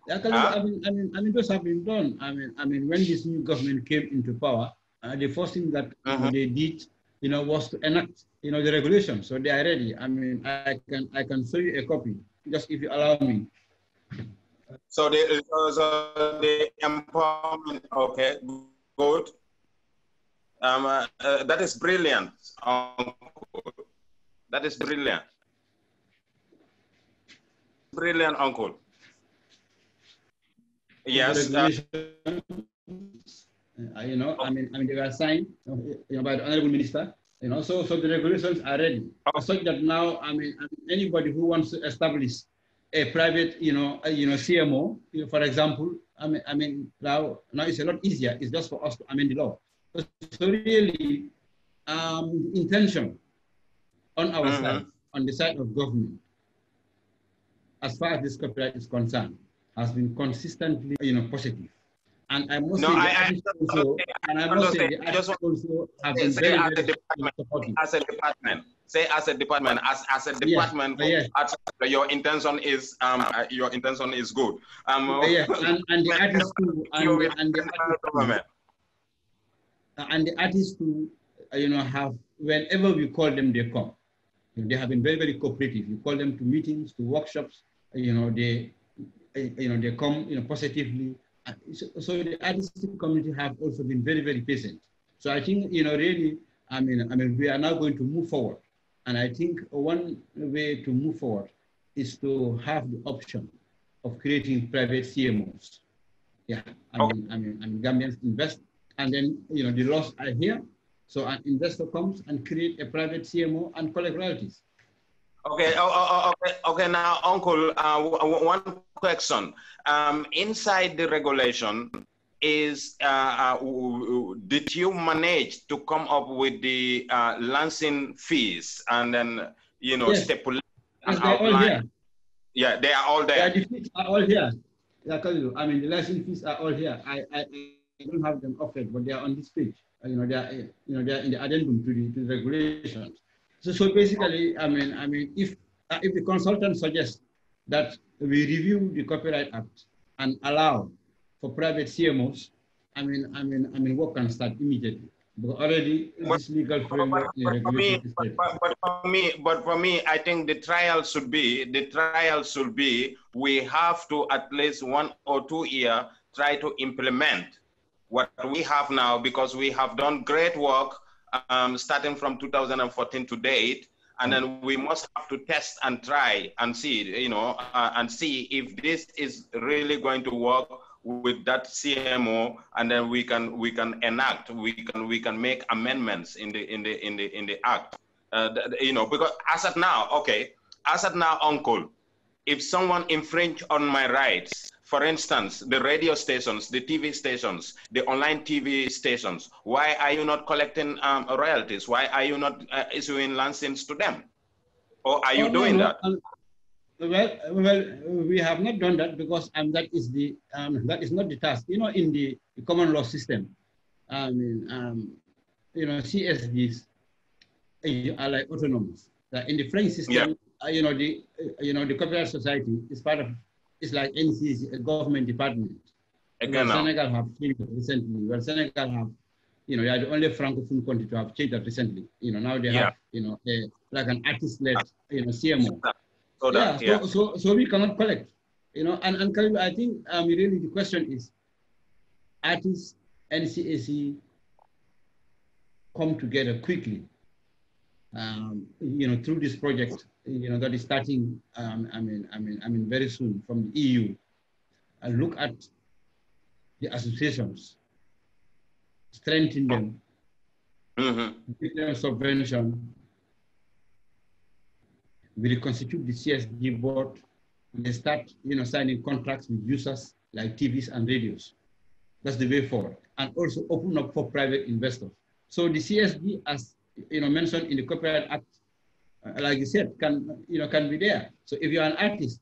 I, mean, I mean, those have been done. I mean, I mean, when this new government came into power, uh, the first thing that uh mm-hmm. -huh. they did, you know, was to enact you know, the regulation. So they are ready. I mean, I can I can show you a copy, just if you allow me. So the so the empowerment. Okay, good. Um, uh, uh, that is brilliant. Um, that is brilliant. Brilliant, uncle. Yes. Uh, uh, you know, I mean, I mean, they were signed uh, you know, by the honorable minister. You know, so, so the regulations are ready, oh. So that now, I mean, anybody who wants to establish a private, you know, a, you know, CMO, you know, for example, I mean, I mean, now, now it's a lot easier. It's just for us to amend the law. So, so really, um, intention on our uh mm-hmm. -huh. side, on the side of government, as far as this copyright is concerned, has been consistently, you know, positive. And I must no, say, I, I, also, okay, and I must say, I just also have been say, very, as, very a as a department, say as a department, as as a department, yes, uh, yes. At, your intention is um uh, your intention is good. Um, uh, yes, [LAUGHS] and, uh, and the artist too, and, and the artist and the artists too, you know, have whenever we call them, they come. They have been very very cooperative. You call them to meetings, to workshops. You know, they you know they come you know positively so, the artistic community have also been very, very patient. So I think, you know, really, I mean, I mean, we are now going to move forward. And I think one way to move forward is to have the option of creating private CMOs. Yeah, I okay. mean, I mean, Gambians invest, and then, you know, the laws are here. So an investor comes and create a private CMO and collect royalties. Okay, oh, oh, okay, okay. Now, Uncle, uh, one question. Um, inside the regulation, is uh, uh, did you manage to come up with the uh, lancing fees and then you know yes. stipulate and outline? Yeah, they are all there. Yeah, the fees are all here. I mean, the lancing fees are all here. I, I, don't have them offered, but they are on this page. Uh, you know, they are uh, you know they are in the addendum to the, to the regulations. So, so basically, I mean, I mean, if uh, if the consultant suggests that we review the Copyright Act and allow for private CMOs, I mean, I mean, I mean, work can start immediately. But already but, this legal framework but, but for me, but, but, for me, but for me, I think the trial should be the trial should be we have to at least one or two year try to implement what we have now because we have done great work um, starting from 2014 to date and then we must have to test and try and see, you know, uh, and see if this is really going to work with that CMO, and then we can we can enact, we can we can make amendments in the in the in the in the act, uh, you know, because as of now, okay, as of now, uncle, if someone infringe on my rights, for instance, the radio stations, the TV stations, the online TV stations. Why are you not collecting um, royalties? Why are you not uh, issuing licenses to them? Or are you oh, doing no, no. that? well, well, we have not done that because um, that is the um, that is not the task. You know, in the common law system, I um, mean, um, you know, CSDs eh, are like autonomous. In the French system, yeah. Uh, you know, the uh, you know the copyright society is part of it's like NCC, a government department. Again, well, Senegal have changed recently. Well, Senegal have, you know, you are the only Francophone country to have changed that recently. You know, now they yeah. have, you know, a, like an artist-led, you know, CMO. So that, yeah, yeah. So, so, so we cannot collect, you know, and, and I think um, really the question is, artists, NCAC come together quickly, um, you know, through this project you know, that is starting, um, I mean, I mean, I mean, very soon from the EU, and look at the associations, strengthen them, mm-hmm. give them subvention. We reconstitute the CSD board. and They start, you know, signing contracts with users like TVs and radios. That's the way forward. And also open up for private investors. So the CSD, as you know, mentioned in the Copyright Act, uh, like you said, can you know can be there. So if you're an artist,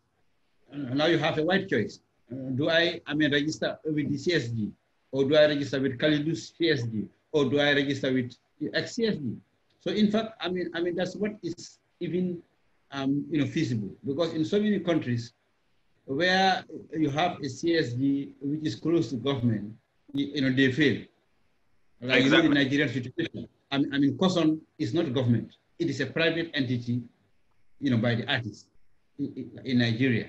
uh, now you have a wide choice. Uh, do I I mean register with the CSD, or do I register with Calidus CSD, or do I register with XCSD? So in fact, I mean I mean that's what is even um, you know feasible because in so many countries where you have a CSD which is close to government, you, you know they fail. Like exactly. in Nigerian situation, I mean, I mean is not government it is a private entity, you know, by the artist in, in Nigeria.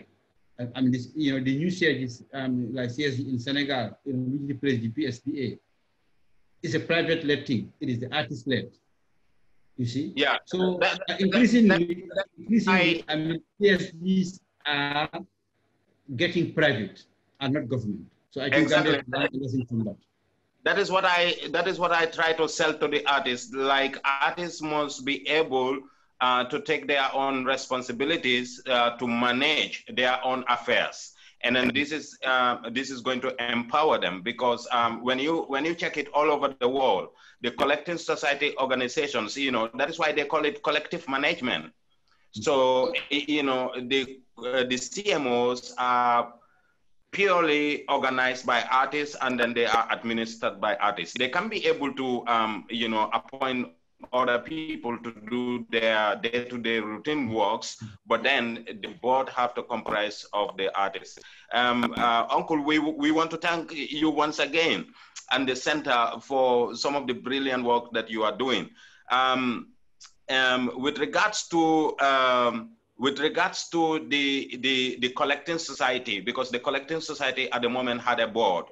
I, I mean, this, you know, the new is um, like CSD in Senegal, in which he plays the PSDA, is a private led It is the artist led. You see? Yeah. So that, that, uh, increasingly, that, increasingly I, I mean, PSDs are getting private and not government. So I think exactly. that is from that that is what I that is what I try to sell to the artists. Like artists must be able uh, to take their own responsibilities uh, to manage their own affairs. And then this is uh, this is going to empower them because um, when you when you check it all over the world, the collecting society organizations, you know, that is why they call it collective management. So you know the uh, the CMOs are purely organized by artists and then they are administered by artists. They can be able to, um, you know, appoint other people to do their day-to-day routine works, but then the board have to comprise of the artists. Um, uh, Uncle, we, we want to thank you once again and the center for some of the brilliant work that you are doing. Um, um, with regards to um, with regards to the, the, the collecting society, because the collecting society at the moment had a board,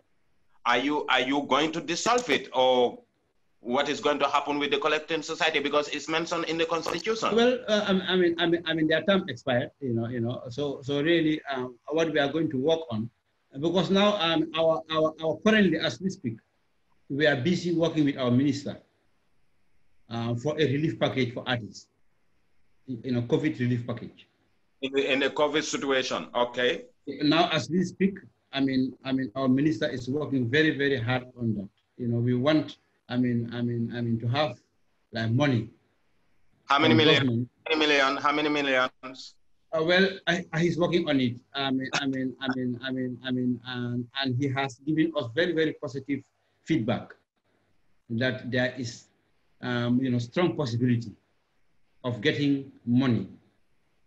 are you, are you going to dissolve it or what is going to happen with the collecting society because it's mentioned in the constitution. Well, uh, I, mean, I mean, I mean, their term expired, you know, you know. So, so really, um, what we are going to work on, because now um, our, our, our currently as we speak, we are busy working with our minister uh, for a relief package for artists. In a COVID relief package. In a in COVID situation, okay. Now, as we speak, I mean, I mean, our minister is working very, very hard on that. You know, we want, I mean, I mean, I mean, to have like money. How many million? How many million? How many millions? Uh, well, I, I, he's working on it. I mean, I mean, I mean, I mean, I mean, and, and he has given us very, very positive feedback that there is, um, you know, strong possibility of getting money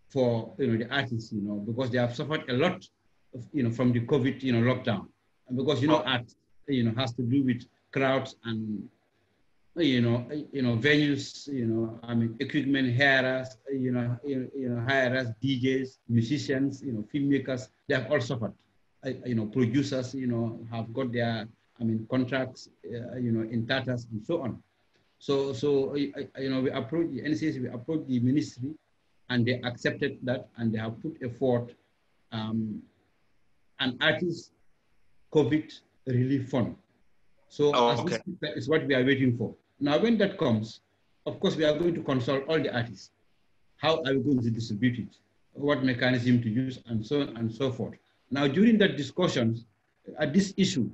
for you know the artists, you know, because they have suffered a lot, of, you know, from the COVID, you know, lockdown, and because you know art, you know, has to do with crowds and you know, you know, venues, you know, I mean, equipment hires you know, you, know, hires DJs, musicians, you know, filmmakers, they have all suffered. you know, producers, you know, have got their, I mean, contracts, you know, in tatters and so on. So, so you know, we approach the NCS, we approach the ministry, and they accepted that, and they have put effort um, an artist COVID relief fund. So oh, okay. this is what we are waiting for. Now, when that comes, of course, we are going to consult all the artists. How are we going to distribute it? What mechanism to use, and so on and so forth. Now, during that discussions, at uh, this issue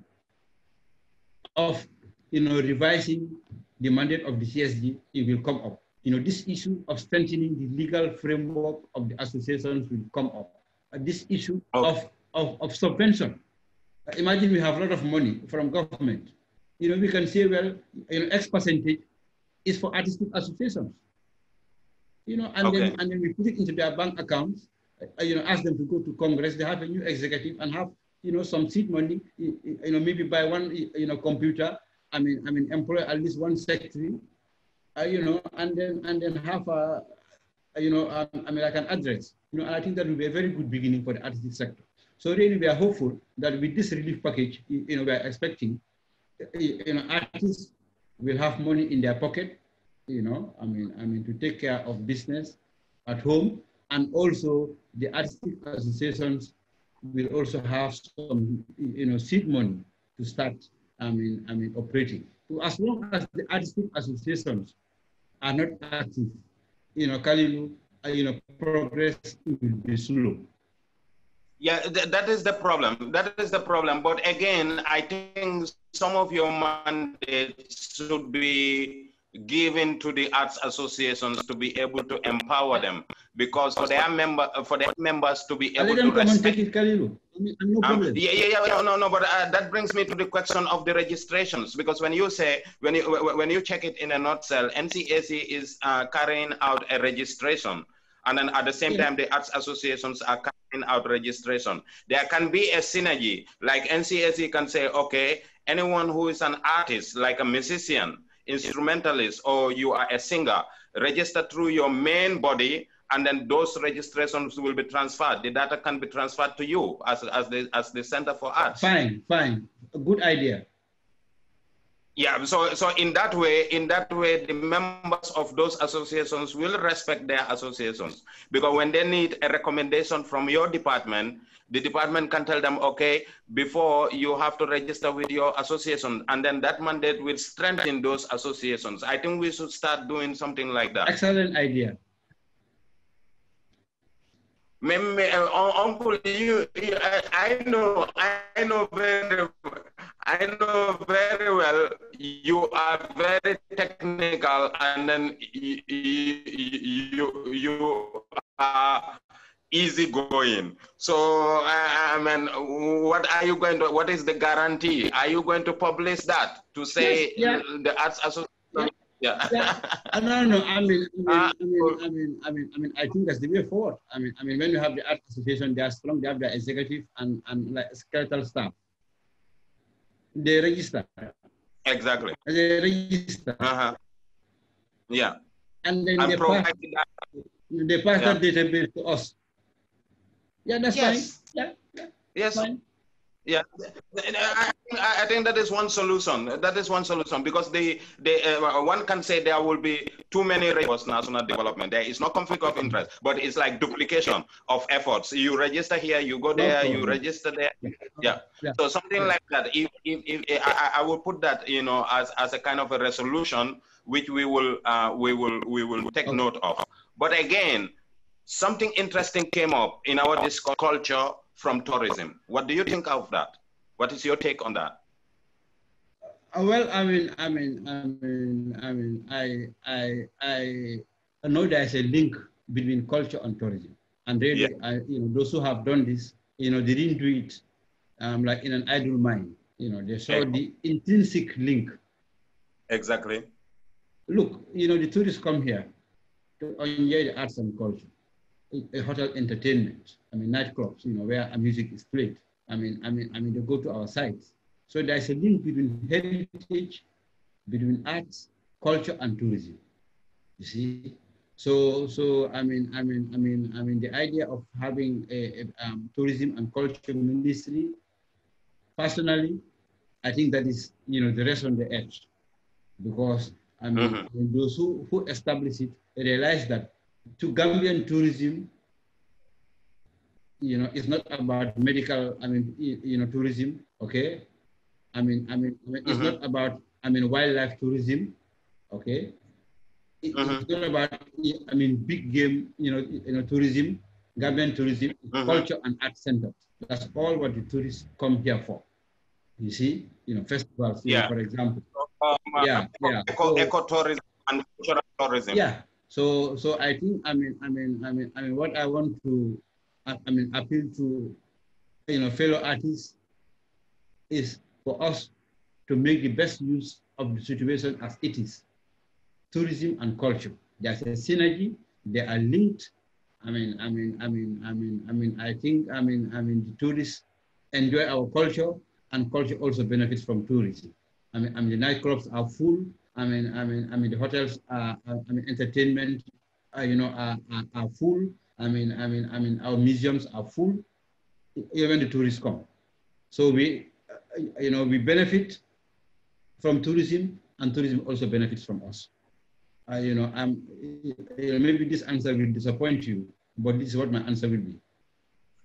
of you know revising the mandate of the CSD, it will come up. You know, this issue of strengthening the legal framework of the associations will come up. Uh, this issue okay. of, of, of subvention. Uh, imagine we have a lot of money from government. You know, we can say, well, you know, X percentage is for artistic associations. You know, and okay. then and then we put it into their bank accounts. Uh, you know, ask them to go to Congress. They have a new executive and have you know some seed money. You know, maybe buy one you know computer I mean, I mean, employ at least one secretary, uh, you know, and then and then have a, you know, um, I mean, like an address, you know. And I think that will be a very good beginning for the artistic sector. So really, we are hopeful that with this relief package, you know, we are expecting, uh, you know, artists will have money in their pocket, you know. I mean, I mean, to take care of business at home, and also the artistic associations will also have some, you know, seed money to start I mean, I mean, operating. So as long as the artistic associations are not active, you know, Kalilu, uh, you know, progress will be slow. Yeah, th that is the problem. That is the problem. But again, I think some of your mandates should be given to the arts associations to be able to empower them because for their member for their members to be able to respect. No um, yeah, yeah, yeah, no, no, no. But uh, that brings me to the question of the registrations because when you say when you when you check it in a nutshell, NCAC is uh, carrying out a registration, and then at the same yeah. time the arts associations are carrying out registration. There can be a synergy, like NCAC can say, okay, anyone who is an artist, like a musician instrumentalist or you are a singer, register through your main body and then those registrations will be transferred. The data can be transferred to you as, as, the, as the Center for Arts. Fine, fine. A good idea. Yeah, so, so in that way, in that way, the members of those associations will respect their associations because when they need a recommendation from your department, the department can tell them, okay, before you have to register with your association, and then that mandate will strengthen those associations. I think we should start doing something like that. Excellent idea. Uh, uncle, you, you I know, I know very, I know very well you are very technical, and then you, you, you are easy going. So, I mean, what are you going to, what is the guarantee? Are you going to publish that to say yes, yeah. the Arts Association? Yeah. yeah. [LAUGHS] I don't know. I mean, I mean, ah, I mean, I mean, I mean, I think that's the way forward. I mean, I mean, when you have the art Association, they are strong, they have their executive and, and like skeletal staff. They register. Exactly. They register. Uh-huh. Yeah. And then the they, pass, they pass yeah. that database to us. Yeah, that's yes. fine. Yeah. yeah. Yes. Fine. Yeah, uh, I, think that is one solution. That is one solution because they, they uh, one can say there will be too many reports national development. There is no conflict of interest, but it's like duplication of efforts. You register here, you go there, you register there. Yeah. yeah. So something like that. If, if, if I, I will put that, you know, as, as a kind of a resolution which we will uh, we will we will take okay. note of. But again, something interesting came up in our disc- culture from tourism. What do you think of that? What is your take on that? Uh, well, I mean, I mean, I mean, I mean, I, I, I know there is a link between culture and tourism, and really, yeah. I, you know, those who have done this, you know, they didn't do it um, like in an idle mind. You know, they saw yeah. the intrinsic link. Exactly. Look, you know, the tourists come here to enjoy the arts and culture a hotel entertainment. I mean, nightclubs, you know, where music is played. I mean, I mean, I mean, they go to our sites. So there's a link between heritage, between arts, culture, and tourism. You see, so so I mean, I mean, I mean, I mean, the idea of having a, a um, tourism and culture ministry. Personally, I think that is you know the rest on the edge, because I mean, uh -huh. those who who establish it realize that to Gambian tourism, you know, it's not about medical, I mean, you know, tourism, okay? I mean, I mean, it's uh mm-hmm. -huh. not about, I mean, wildlife tourism, okay? uh mm-hmm. -huh. It's not about, I mean, big game, you know, you know, tourism, Gambian tourism, uh mm-hmm. -huh. culture and art center. That's all what the tourists come here for. You see, you know, festivals, yeah. You know, for example. Um, uh, yeah, yeah. Eco, so, and cultural tourism. Yeah, so, so I think I mean, I mean, I mean, I mean, what I want to, I, mean, appeal to, you know, fellow artists, is for us to make the best use of the situation as it is. Tourism and culture, there's a synergy. They are linked. I mean, I mean, I mean, I mean, I mean, I think, I mean, I mean, the tourists enjoy our culture, and culture also benefits from tourism. I mean, I mean, the nightclubs are full. I mean, I mean, I mean, the hotels, are, are I mean, entertainment, are, uh, you know, are, are, are, full. I mean, I mean, I mean, our museums are full. Even the tourists come, so we, uh, you know, we benefit from tourism, and tourism also benefits from us. Uh, you know, um, you know, maybe this answer will disappoint you, but this is what my answer will be.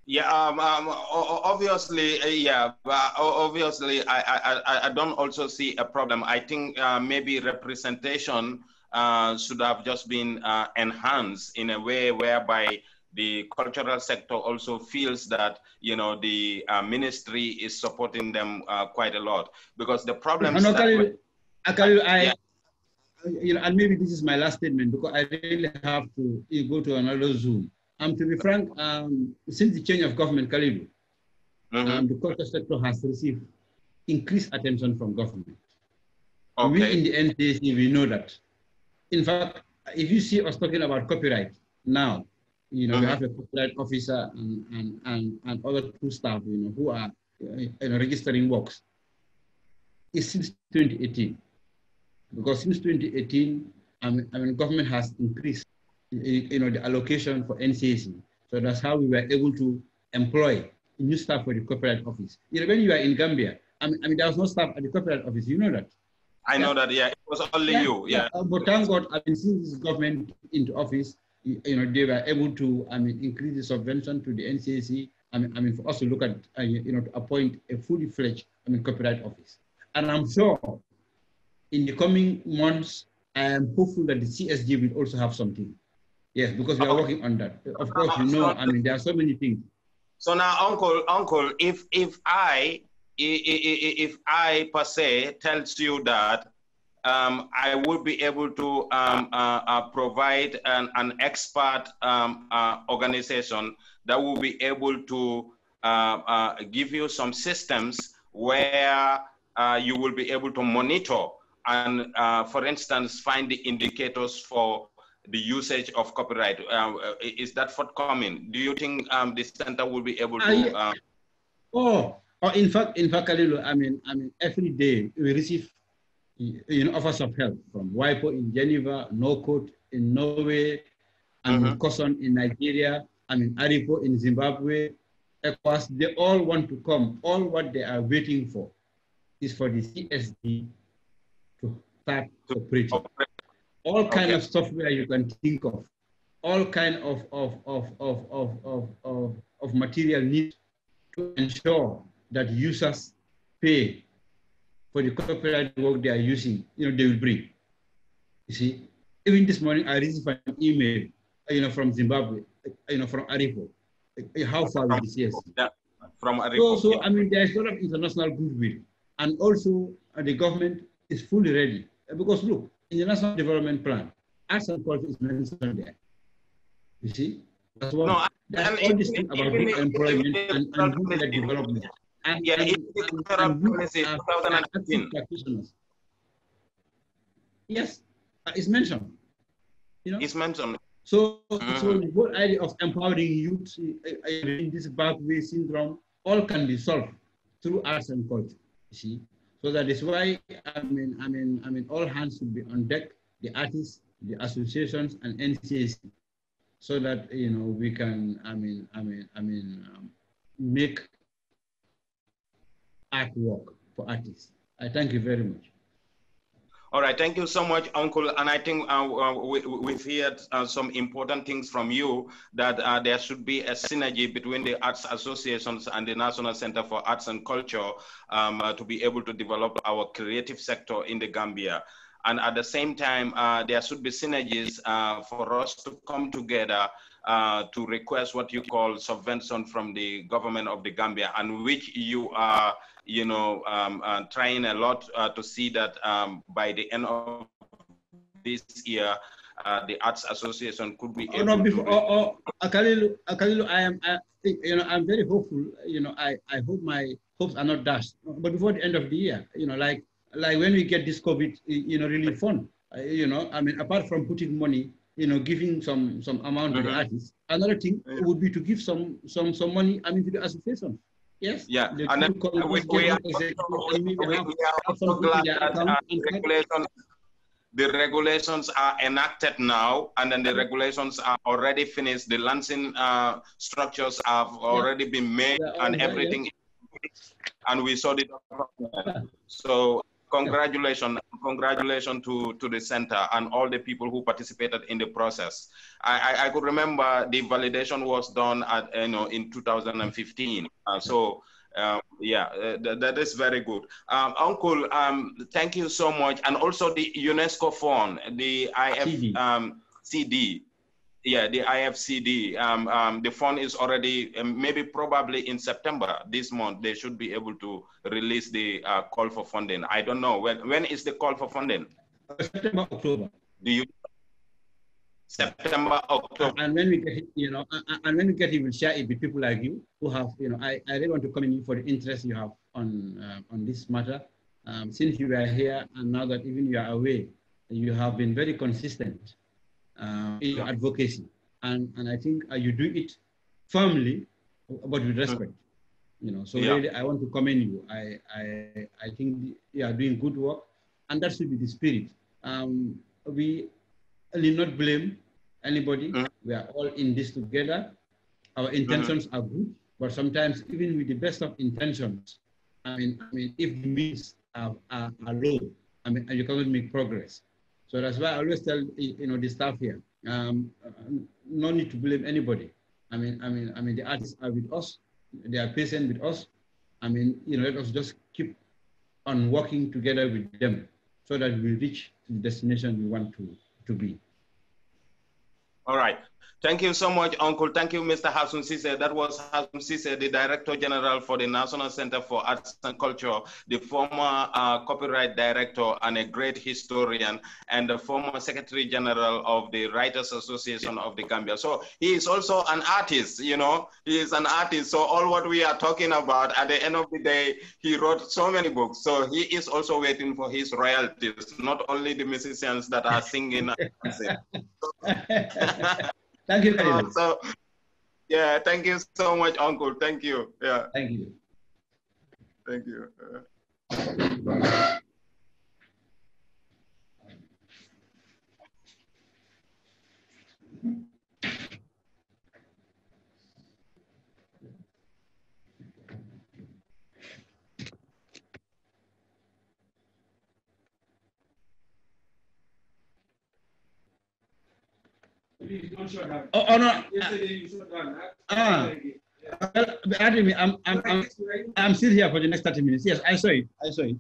Yeah, um, um, obviously, uh, yeah, but uh, obviously, I, I, I don't also see a problem. I think uh, maybe representation uh, should have just been uh, enhanced in a way whereby the cultural sector also feels that you know the uh, ministry is supporting them quite a lot because the problem. No, no, I, you know, and maybe this is my last statement because I really have to go to another Zoom. Um, to be frank, um, since the change of government, Kalidu, mm-hmm. um, the culture sector has received increased attention from government. Okay. We in the NTC, we know that. In fact, if you see us talking about copyright now, you know, mm-hmm. we have mm-hmm. a copyright officer and, and, and, and other two staff, you know, who are uh, you know, registering works. It's since 2018. Because since 2018, I um, mean, I mean government has increased you know, the allocation for NCAC. So that's how we were able to employ new staff for the corporate office. You know, when you were in Gambia, I mean, I mean there was no staff at the corporate office. You know that. I yeah. know that. Yeah, it was only yeah. you. Yeah. yeah. Uh, but thank God, I mean, since this government into office, you know, they were able to, I mean, increase the subvention to the NCAC. I mean, I mean, for us to look at, uh, you know, to appoint a fully fledged, I mean, copyright office. And I'm sure in the coming months, I am hopeful that the CSG will also have something. Yes, because we are okay. working on that. Of course, you know, I mean, there are so many things. So now, uncle, uncle, if if I if I per se tells you that um, I will be able to um, uh, uh, provide an, an expert um, uh, organization that will be able to uh, uh, give you some systems where uh, you will be able to monitor and, for instance, find the indicators for the usage of copyright? Um, is that forthcoming? Do you think um, the center will be able ah, to? Um... Oh, oh, in fact, in fact, Kalilo, I mean, I mean, every day we receive you know, offers of help from WIPO in Geneva, NOCOT in Norway, and mm -hmm. COSON in Nigeria, I mean, ARIPO in Zimbabwe, ECOWAS, they all want to come. All what they are waiting for is for the CSD to start operating all kind okay. of software you can think of, all kind of, of, of, of, of, of, of, of material needs to ensure that users pay for the copyrighted work they are using, you know, they will bring. You see, even this morning I received an email, you know, from Zimbabwe, you know, from Aripo. How far is this yes? From Aripo. So, so I mean, there is a lot of international goodwill, and also uh, the government is fully ready because look, in the National Development Plan, arts and culture is mentioned there. You see? That's what, no, that's all this thing about good employment and, and good development. And, yeah, and, and, and, and practitioners. Yes, uh, it's mentioned. You know? It's mentioned. So, mm-hmm. so the whole idea of empowering youth in this pathway syndrome all can be solved through arts and culture. You see, so that is why I mean, I mean, I mean, all hands should be on deck: the artists, the associations, and NCAC, so that you know we can, I mean, I mean, I mean, um, make artwork for artists. I thank you very much. All right, thank you so much, Uncle. And I think uh, uh we, we've heard uh, some important things from you that uh, there should be a synergy between the arts associations and the National Center for Arts and Culture um, uh, to be able to develop our creative sector in the Gambia. And at the same time, uh, there should be synergies for us to come together to request what you call subvention from the government of the Gambia, and which you are you know, um, uh, trying a lot uh, to see that um, by the end of this year, uh, the Arts Association could be oh, no, before, to. Oh, oh, Akalilu, Akalilu, I am, I you know, I'm very hopeful. You know, I, I hope my hopes are not dashed. But before the end of the year, you know, like, like when we get this COVID, you know, really fun. Uh, you know, I mean, apart from putting money you know, giving some some amount mm -hmm. to the mm-hmm. artists. Another thing yeah. would be to give some some some money. I mean, to the association. Yes. Yeah. The and then, we, we, are also, glad that uh, regulations, the regulations are enacted now, and then the regulations are already finished. The lancing uh, structures have already yeah. been made, yeah, and everything. yeah. And we saw the. So Congratulations, congratulations to, to the center and all the people who participated in the process. I, I, I could remember the validation was done at, you know, in 2015. Uh, so um, yeah, uh, th that is very good. Um, Uncle, um, thank you so much. And also the UNESCO fund, the IFCD. Um, yeah, the IFCD. Um, um, the fund is already um, maybe probably in September this month. They should be able to release the uh, call for funding. I don't know when. When is the call for funding? September, October. Do you? September, October. And when we get, you know, and when we get, it, we'll share it with people like you who have, you know, I, I really want to commend you for the interest you have on uh, on this matter. Um, since you are here and now that even you are away, you have been very consistent uh, in your advocacy. And, and I think uh, you do it firmly, but with respect. You know, so yeah. really, I want to commend you. I, I, I think you are doing good work, and that should be the spirit. Um, we will not blame anybody. Uh-huh. We are all in this together. Our intentions uh-huh. are good, but sometimes even with the best of intentions, I mean, I mean, if the means are, are, are low, I mean, you cannot make progress. So that's why I always tell you know the staff here, um, uh, no need to blame anybody. I mean, I mean, I mean, the artists are with us, they are patient with us. I mean, you know, let us just keep on working together with them so that we reach the destination we want to, to be. All right. Thank you so much, Uncle. Thank you, Mr. Hassan Sise. That was Hassan Sise, the Director General for the National Center for Arts and Culture, the former uh, copyright director and a great historian, and the former Secretary General of the Writers Association of the Gambia. So he is also an artist, you know, he is an artist. So all what we are talking about, at the end of the day, he wrote so many books. So he is also waiting for his royalties, not only the musicians that are singing. [LAUGHS] [LAUGHS] Thank you very uh, So, yeah, thank you so much, Uncle. Thank you. Yeah. Thank you. Thank you. Uh. Please don't shut down. Oh, oh no. Yesterday ah. you shut down. Ah. Well, I'm, I'm, I'm, I'm still here for the next 30 minutes. Yes, I saw it. I saw it.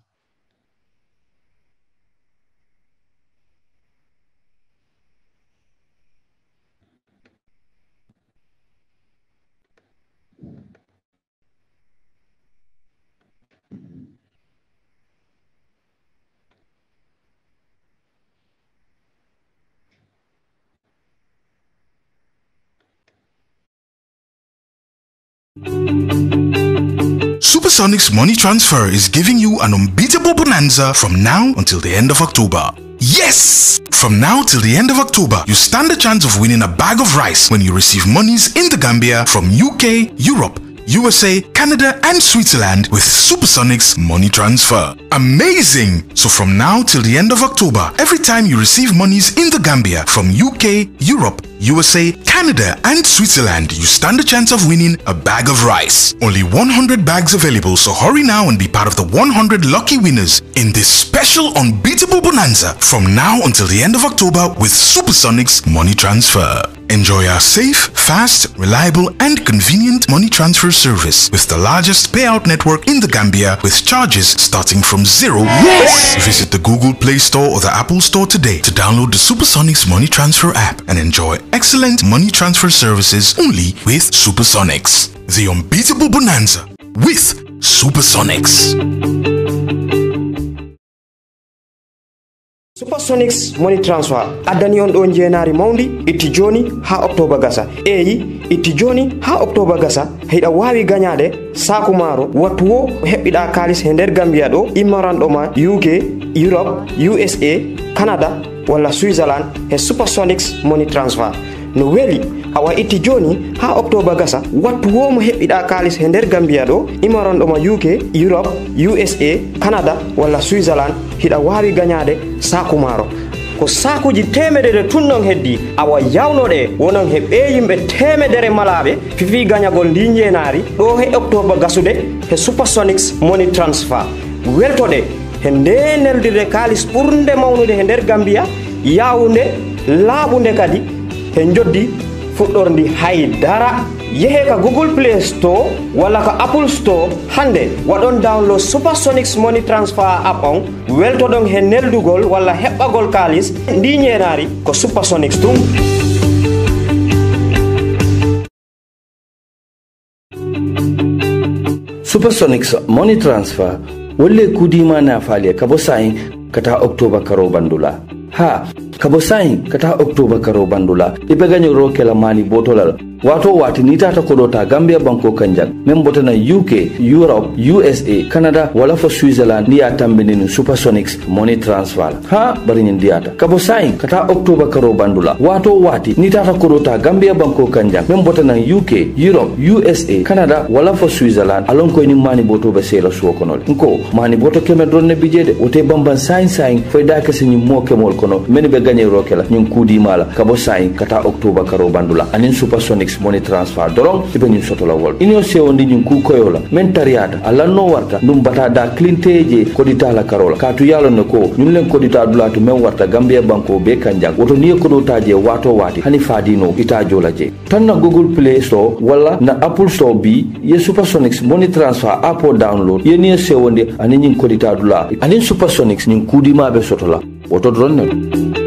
Sonics Money Transfer is giving you an unbeatable bonanza from now until the end of October. Yes! From now till the end of October, you stand a chance of winning a bag of rice when you receive monies in the Gambia from UK, Europe, USA, Canada and Switzerland with Supersonic's money transfer. Amazing! So from now till the end of October, every time you receive monies in the Gambia from UK, Europe, USA, Canada and Switzerland, you stand a chance of winning a bag of rice. Only 100 bags available, so hurry now and be part of the 100 lucky winners in this special unbeatable bonanza from now until the end of October with Supersonic's money transfer. Enjoy our safe, fast, reliable and convenient money transfer service with the the largest payout network in the Gambia with charges starting from zero. Yes! Visit the Google Play Store or the Apple Store today to download the Supersonics Money Transfer app and enjoy excellent money transfer services only with Supersonics. The unbeatable bonanza with Supersonics. sonix money transfer addani on ɗo jeenaari mawndi itti jooni haa octobre gasa eyi itti jooni haa octobre gasa hiɗa waawi gañaade saaku maaro wattu wo heɓɓiɗa kaalis e nder gambiya ɗo immoranɗo ma uk europe usa canada walla switzerland e supersonix moni transfer no weli awa itti joni ha octobre gasa wattu womo heɓɓiɗa kalis e nder gambiya ɗo imaronɗoma uk europe usa canada walla switzerland hiɗa wawi gagnade saku maro ko sakuji temedere tun non heddi awa yawnoɗe wonon he ɓe yimɓe temedere malaɓe fifi gañagol ndi jenari ɗo he octobre gasude he supersonics money transfer weltoɗe he nde kalis ɓurde mawnude he nder gambiya yawude laaɓude kadi en joddi di ndi haydara yehe ka google play store walaka ka apple store hande wadon download supersonics money transfer app on dong he neldugol hepa heɓɓagol kalis ndi ñeenari ko supersonics tum supersonics money transfer wolle kudima na ka bo kata Oktober karo bandula ha kabo sahin kata Oktober karo bandula ipeganyo ganyo ro mani botolal wato wati ni tata kodota gambia banko kanjak men botana uk europe usa canada wala fo switzerland ni ye tambindini supersonics money transfer ha bari ñiŋ diyata kabo bo sayiŋ ka octobre karo bandula wato wati ni tata kodota gambia banko kanjak men botana uk europe usa canada wala fo switzerland alon ko ni mani boto be seela suo kono le nko mani boto keme doron ne wote bamban wo te banban sayiŋ sayiŋ fo da ke kese mo ke kemol kono men be gañeyiro ke la ñiŋ kuudiima la ka bo sayiŋ karo bandula anin supersonics FX money transfer dorong i be ñiŋ soto la wolu union ndi ñiŋ ku koyo la meŋ tariyata a lanno no warta ndum bata da clinteje je kodita la karo la kaatu ye a ne ko ñun len kodita tu meŋ warta gambiya banko be kanjaŋ woto niŋ ye kodoo je waato waati hani fadino ita jola je tan na google play store wala na apple store bi ye supersonics money transfer appo download ye niŋ ye sewondi aniŋ ñiŋ kodita dula aniŋ supersonics ñiŋ kudima be soto la woto doroŋ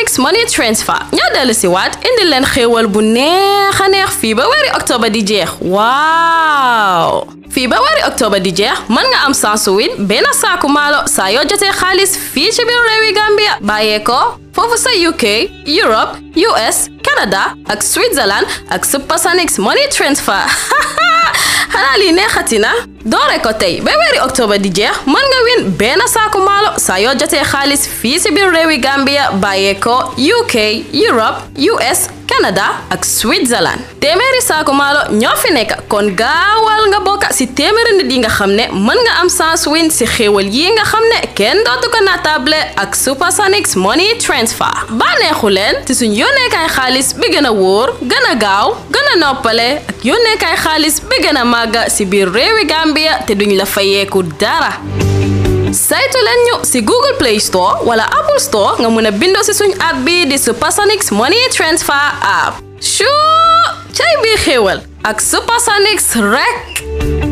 Onyx Money Transfer ñoo dellu siwaat waat indi leen xéewal bu neex a neex fii ba weeri octobre di jeex waaw fii ba weeri octobre di jeex mën nga am sansuwit benn saaku maalo saa yoo xaalis fii ci biir réewi Gambia bàyyee ko foofu sa UK Europe US Canada ak Switzerland ak Supersonix money transfer [LAUGHS] xanaa lii neexati na doore ko tey ba weeri di jeex mën nga win benn saaku maalo saa yoo xaalis fii si biir réewi Gambia bàyyee ko UK Europe US Canada ak Switzerland téeméeri saaku maalo ñoo fi nekk kon gaawal nga bokka si téeméeri yi nga xam ne mën nga am sans win si xéewal yi nga xam ne kenn dootu ko natable ak Supersonix money transfer transfert bànneexu leen ci suñ yónneekaay xaalis bi gën a wóor gën a gaaw gën noppale ak yónneekaay xaalis bi gën a màgg ci biir réewi Gambia te duñ la fayeeku dara saytu leen ñu ci Google Play Store wala Apple Store nga mën a bindoo ci suñ app bi di Supersonix Money Transfer app. chuu cay bii xéewal ak Supersonix rek.